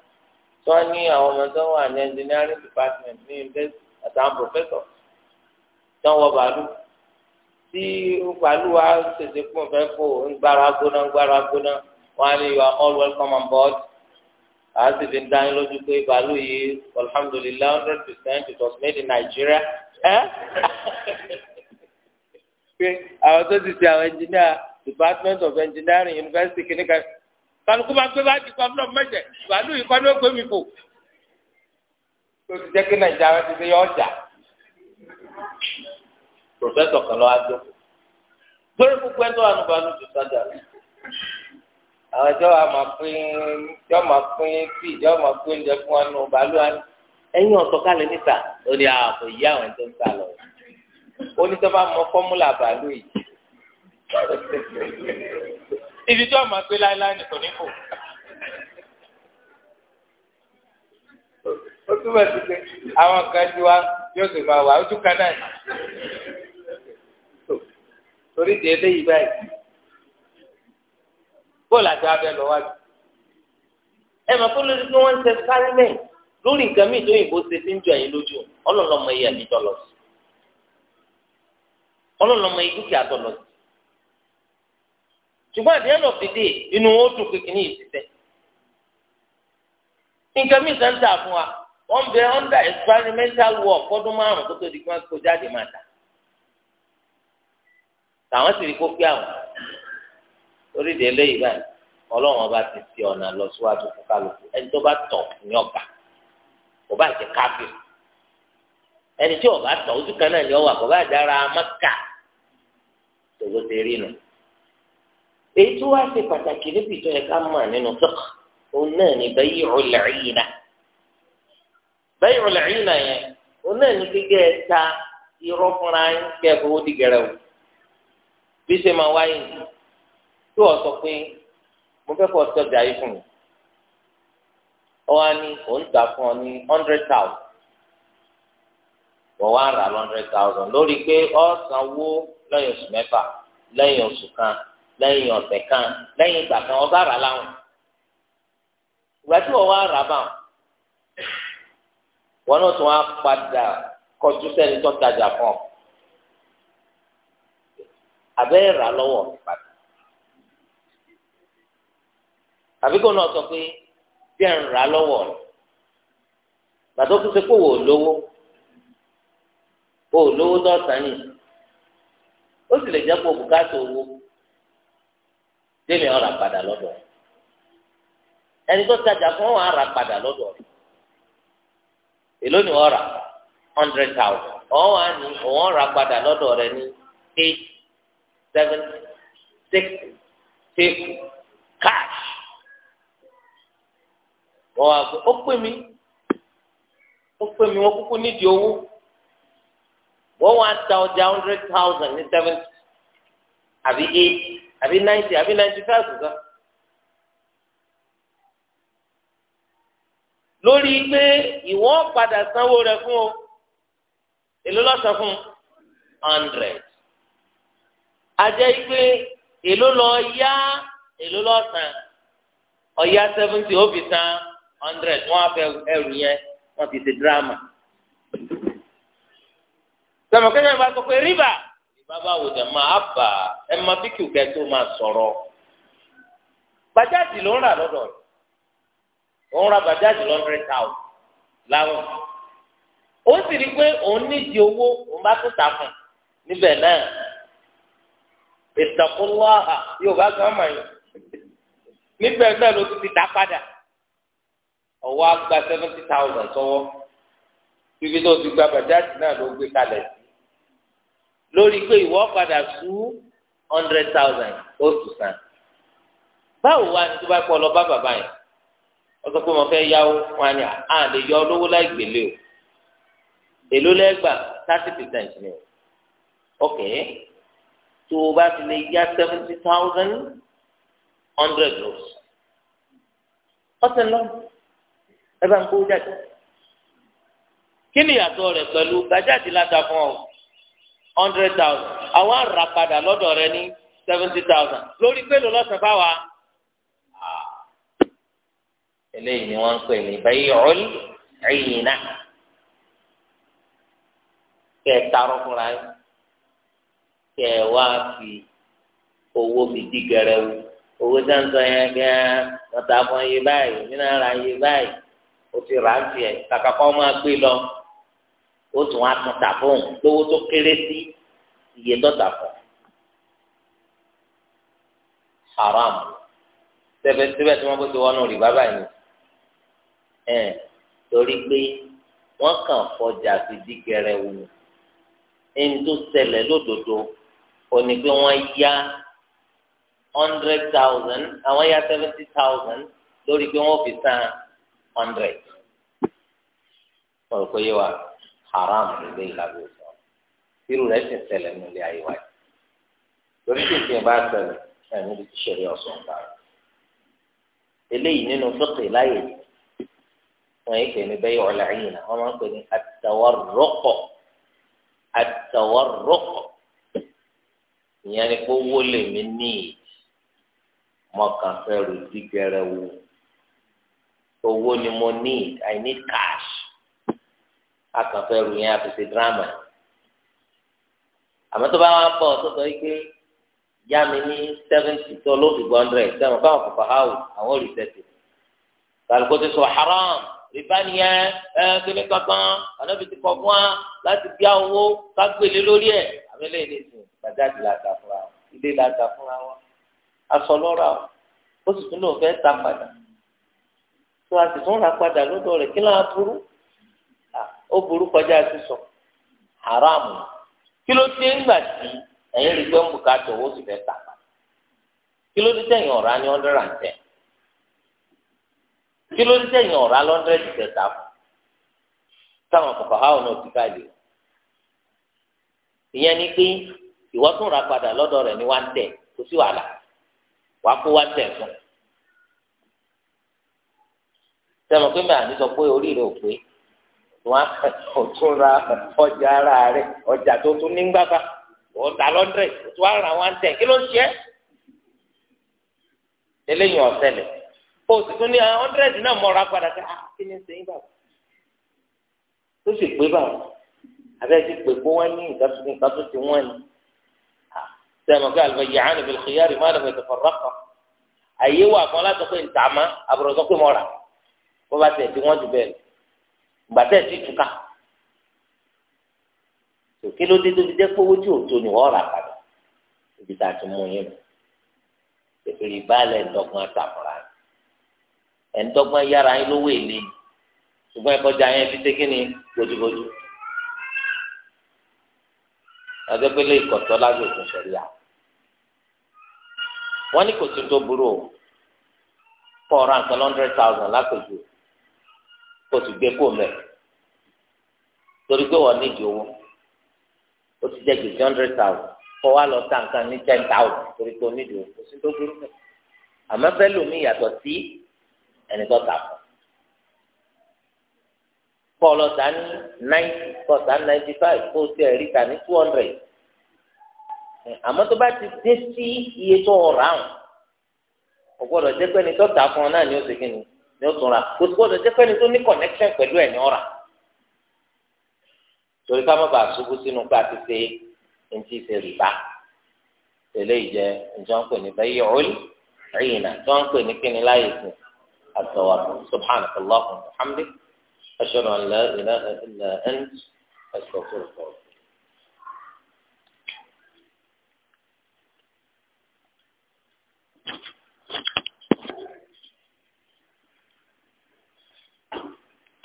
tí wọ́n ní àwọn ọmọ tó wà ní engineering department ní university àtàwọn professor tí wọ́n wọ bàálù tí pàlú wa tètè fún ọ̀fẹ́ fò ń gbára gbóná ń gbára gbóná wọn á ní you are all welcome on board àá sì fi ń dání lójú pé pàlú yìí alhamdulilayi hundred percent it was made in Nigeria ẹ pé àwọn tó ti ṣe àwọn engineer department of engineering university kìnnìkan kálukú máa ń gbé báàgì kan náà mẹ́jẹ̀ pàlú yìí kọ́ ló gbé mi fò tó ti jẹ́ kí nàìjíríà ti ṣe yọ ọjà pòfẹ́sọ̀ kan lọ́wọ́ adó gbé gbogbo ẹ̀tọ́ ànúbanu ju sájà lọ. àwọn ìjọ wa máa pín ìjọ máa pín tí ìjọ máa pín oúnjẹ fún wa nù bàálù wa ní. ẹ̀yin ọ̀sọ̀kalẹ̀ níta ó ní àpò yí àwọn ẹ̀jẹ̀ ń ta lọ. ó ní sọ́ba mọ fọ́múlà bàálù yìí. ibi tí wọ́n máa pín láéláé ní kòníkò. ó túbọ̀ sí pé àwọn kan ti wá yóò sì máa wà ó kan náà. torí di eléyìí báyìí bóòlù àti abẹ lọ wájú ẹ mọ̀ pé lórí pé wọ́n ń ṣe lórí nǹkan tó yìnbó ṣe ń lójú ọlọ́lọ́mọ iye àmì tọ́lọ̀ sí ọlọ́lọ́mọ iye dúkìá end of inú wọn ó dùn pé kìíní yìí ti tẹ́ nǹkan fún wa wọ́n bẹ under experimental work fọ́dún làwọn sì rí kó pé àwọn lórí ìdè eléyìí báyìí ọlọ́run ọba ti fi ọ̀nà lọ síwájú fún kálukú ẹni tó bá tọ̀ ní ọgbà kò bá jẹ káfíìn ẹni tí ọba tọ̀ ojú kan náà ni ọwà kò bá dára mọ́kà tòwó ti rí nu. èyí tó wá ṣe pàtàkì níbi tó yẹ mọ̀ nínú fiqh òun náà ni bay'ul 'ayna bay'ul 'ayna yẹn òun náà ni gbígbé ẹ̀ ta fúnra yín kẹ́ fowó dìgẹ̀rẹ̀ wò bí ṣe máa wáyé tó o sọ pé mo fẹ́ kọ́ tọ́jà yìí fún mi ó wá ní òun gbà fún ọ ní hundred thousand wọ́n wá rà hundred thousand lórí pé ó sanwó lẹ́yìn oṣù mẹ́fà lẹ́yìn oṣù kan lẹ́yìn ọ̀sẹ̀ kan lẹ́yìn ìgbà kan ọba rà láwọn ìgbà tí wọ́n wá rà báwọn wọn náà tún wá padà kọjú sẹ́ni tó ń tajà fún ọ. abẹ́ rà lọ́wọ́ mi padà àbí kò náà sọ pé bí ẹ̀ ń rà lọ́wọ́ rẹ̀ gbàtọ́ tó ṣe pé wò lówó wò lówó yìí ó sì lè jẹ́ pé òbúkátà owó délé ọ̀rà padà lọ́dọ̀ ẹni tó tajà fún padà lọ́dọ̀ èló ni rà hundred thousand rẹ̀ seven six six cash wọ́n wá gbé ó pè mí ó pè mí wọ́n kúkú nídìí owó wọ́n wá ta ọjà hundred thousand ní seven àbí eight àbí ninety àbí ninety five gan. lórí pé ìwọ́n padà sanwó rẹ̀ fún o èló lọ́sàn fún hundred. a pé èló lọ ya èló lọ tàn seventy ó hundred wọn á ẹrù yẹn wọn fi ṣe drama sọ̀rọ̀ kẹ́kẹ́ bá sọ pé rìbá bàbá wò dé ma bà ẹ máa bí kí òkè tó máa sọ̀rọ̀ bàjáàjì ló ń rà ó ń ra táwọn láwọn ó sì rí ìtàkùnláhà yóò bá gan mọ̀ yín níbẹ̀ náà ló ti dá padà ọwọ́ agba seventy thousand sọ́wọ́ bíbí tó ti gba bàjáde náà ló gbé kalẹ̀ sí lórí pé ìwọ padà sú hundred thousand ó tù sàn báwo wá ní tó bá pọ̀ lọ bá bàbá yẹn wọ́n sọ pé mo fẹ́ yáwó wọn ni à yọ lówó láì gbélé o èló lẹ́gbàá thirty percent ni o ok tó o bá ti lè yá seventy thousand hundred loads ọ̀sẹ̀ lọ ẹ bá ń kó jáde kí ni ìyàtọ̀ rẹ̀ pẹ̀lú gbàjáde láta fún ọ hundred thousand àwọn àrà padà lọ́dọ̀ rẹ ní seventy thousand lórí pé lò lọ́sàn-án bá wa. Ah. eléyìí ni wọ́n ń pè ní bẹ́ẹ̀ ọ̀l ẹ̀yìn náà kẹ́ tarọ́ fúnra yín kẹ́ ẹ wá fi owó fi dí gẹrẹwu owó sáńsọ yẹn gẹ́ẹ́ ọ̀tá fún iye báyìí nínú ara iye báyìí o ti rà á tiẹ̀ kàkà kọ́ máa gbé lọ o tún á tún tà fún un lówó tó kéré sí iye dọ́tà fún haram síbẹ̀síbẹ̀ tí wọ́n bó ti wọnú rìbá báyìí ẹ̀ torí pé wọ́n kàn fọjà sí dí gẹrẹwu ẹni tó ṣẹlẹ̀ lódodo òní pé wọ́n yá hundred thousand àwọn yá seventy thousand lórí pé wọ́n fi san hundred wọ́n rò pé yé wa haram lè lábẹ́ òsì irú rẹ̀ sì ṣẹlẹ̀ nílé ayé wa torí tí ìpín bá ṣẹlẹ̀ ẹni tí ṣẹlẹ̀ ọsàn gbà rẹ eléyìí nínú fúkì láyè wọn yìí pè ní bẹyì ọlẹ ayé náà wọn máa ń pè ní àtàwárọkọ àtàwárọkọ ìyẹn ni pé owó lèmi ní ìdí mọkàn fẹ́ rò sí gẹrẹwu owó ni mo need i need cash akàn fẹ́ rò yẹn àfẹsẹ dírámà àmọ́ tó bá wà bọ tó sọ wípé yá mi ní seventy tó ló fi gbọ́ hundred sẹ́wọ̀n báwọn kò fà á wò àwọn ò lè tẹ̀sí kálukó ti sọ haram rìbá nìyẹn ẹ kíni kankan ànábi ti kọ láti gbé owó ká gbélé lórí ẹ àmì eléyìí ní bàjáde la ta fúnra wọn la wọn aṣọ o ó sì tún fẹ́ padà tó a sì tún ra padà lọ́dọ̀ rẹ̀ kí lóun aburú ó burú kọjá sísọ haramu kí ló dé ńgbà tí ẹ̀yin rí pé ń bùkátà owó sì fẹ́ ta kí ló dé tẹ̀yìn ta fún táwọn háwọn náà ti ká ìyẹn ni pé ìwọ tún ra padà lọ́dọ̀ rẹ̀ ní wá ń tẹ̀ kò sí wàhálà wàá kó wá ń tẹ̀ fún un sẹ́wọ̀n pé màá ní sọ pé orí rẹ̀ ò pé wọ́n á tún ra ọjà ara rẹ̀ ọjà tó tún ní gbàgbà ọ̀dà lọ́dẹ̀ tó wá ra wọn tẹ̀ kí ló ń ṣe é eléyìí ọ̀sẹ̀lẹ̀ o sì tún ní hundred náà mọ̀ra padà sí ah, kí ni ṣe ń bà tó sì pé báwọn abẹ́ẹ̀sì pé kó wọ́n ní ìdásókè nǹkan tó ti wọ́n ni sẹ́mi ká àlùfẹ́ yìí àánú bẹ̀rẹ̀ xiyárì má lọ́fẹ́ tó fọ́nrọ́ kan àyè wà kan láti pé ntàmá àbúrò sọ pé mo rà bó bá tẹ̀ tí wọ́n ju bẹ́ẹ̀ lọ ìgbà tẹ̀ sí ìtúkà òkè ló dé tó fi jẹ́ pé owó tí òótọ́ ni wọ́n rà ibi tá a ti mú yín lọ rìbá ńdọ́gbọ́n àtàkùnrà ẹ̀ yára yín agbẹgbẹlẹ ìkọtọ lábẹ́ òfin ṣẹlẹ̀ wọn ní kò tún tó burú o kọ ọ̀rọ̀ nǹkan hundred thousand lápèjì kò sì gbé kó mẹ torí pé wọn nídìí owó ó ti jẹ gbèsè hundred thousand kọ wá lọ ta nǹkan ní ten thousand torí pé onídìí owó kò sí tó burú mẹ àmọ́ fẹlẹ omi yàtọ̀ sí ẹni tó ta fún kọ́ ní náìtì kọ́ sàn náìtì fáìf ní two hundred àmọ́ tó bá ti dé sí iye tó ọ̀rà hàn kò gbọ́dọ̀ jẹ́ pẹ́ni tó fún ọ náà ni ó ṣe kí ni ni ó tún gbọ́dọ̀ jẹ́ pẹ́ni tó ní connection pẹ̀lú ẹ̀ ní ọ̀rà torí ká má bàa ṣubú sínú pé a ti ṣe ní ti ṣe أشهد أن لا إله إلا أنت أستغفرك وأتوب Thank you.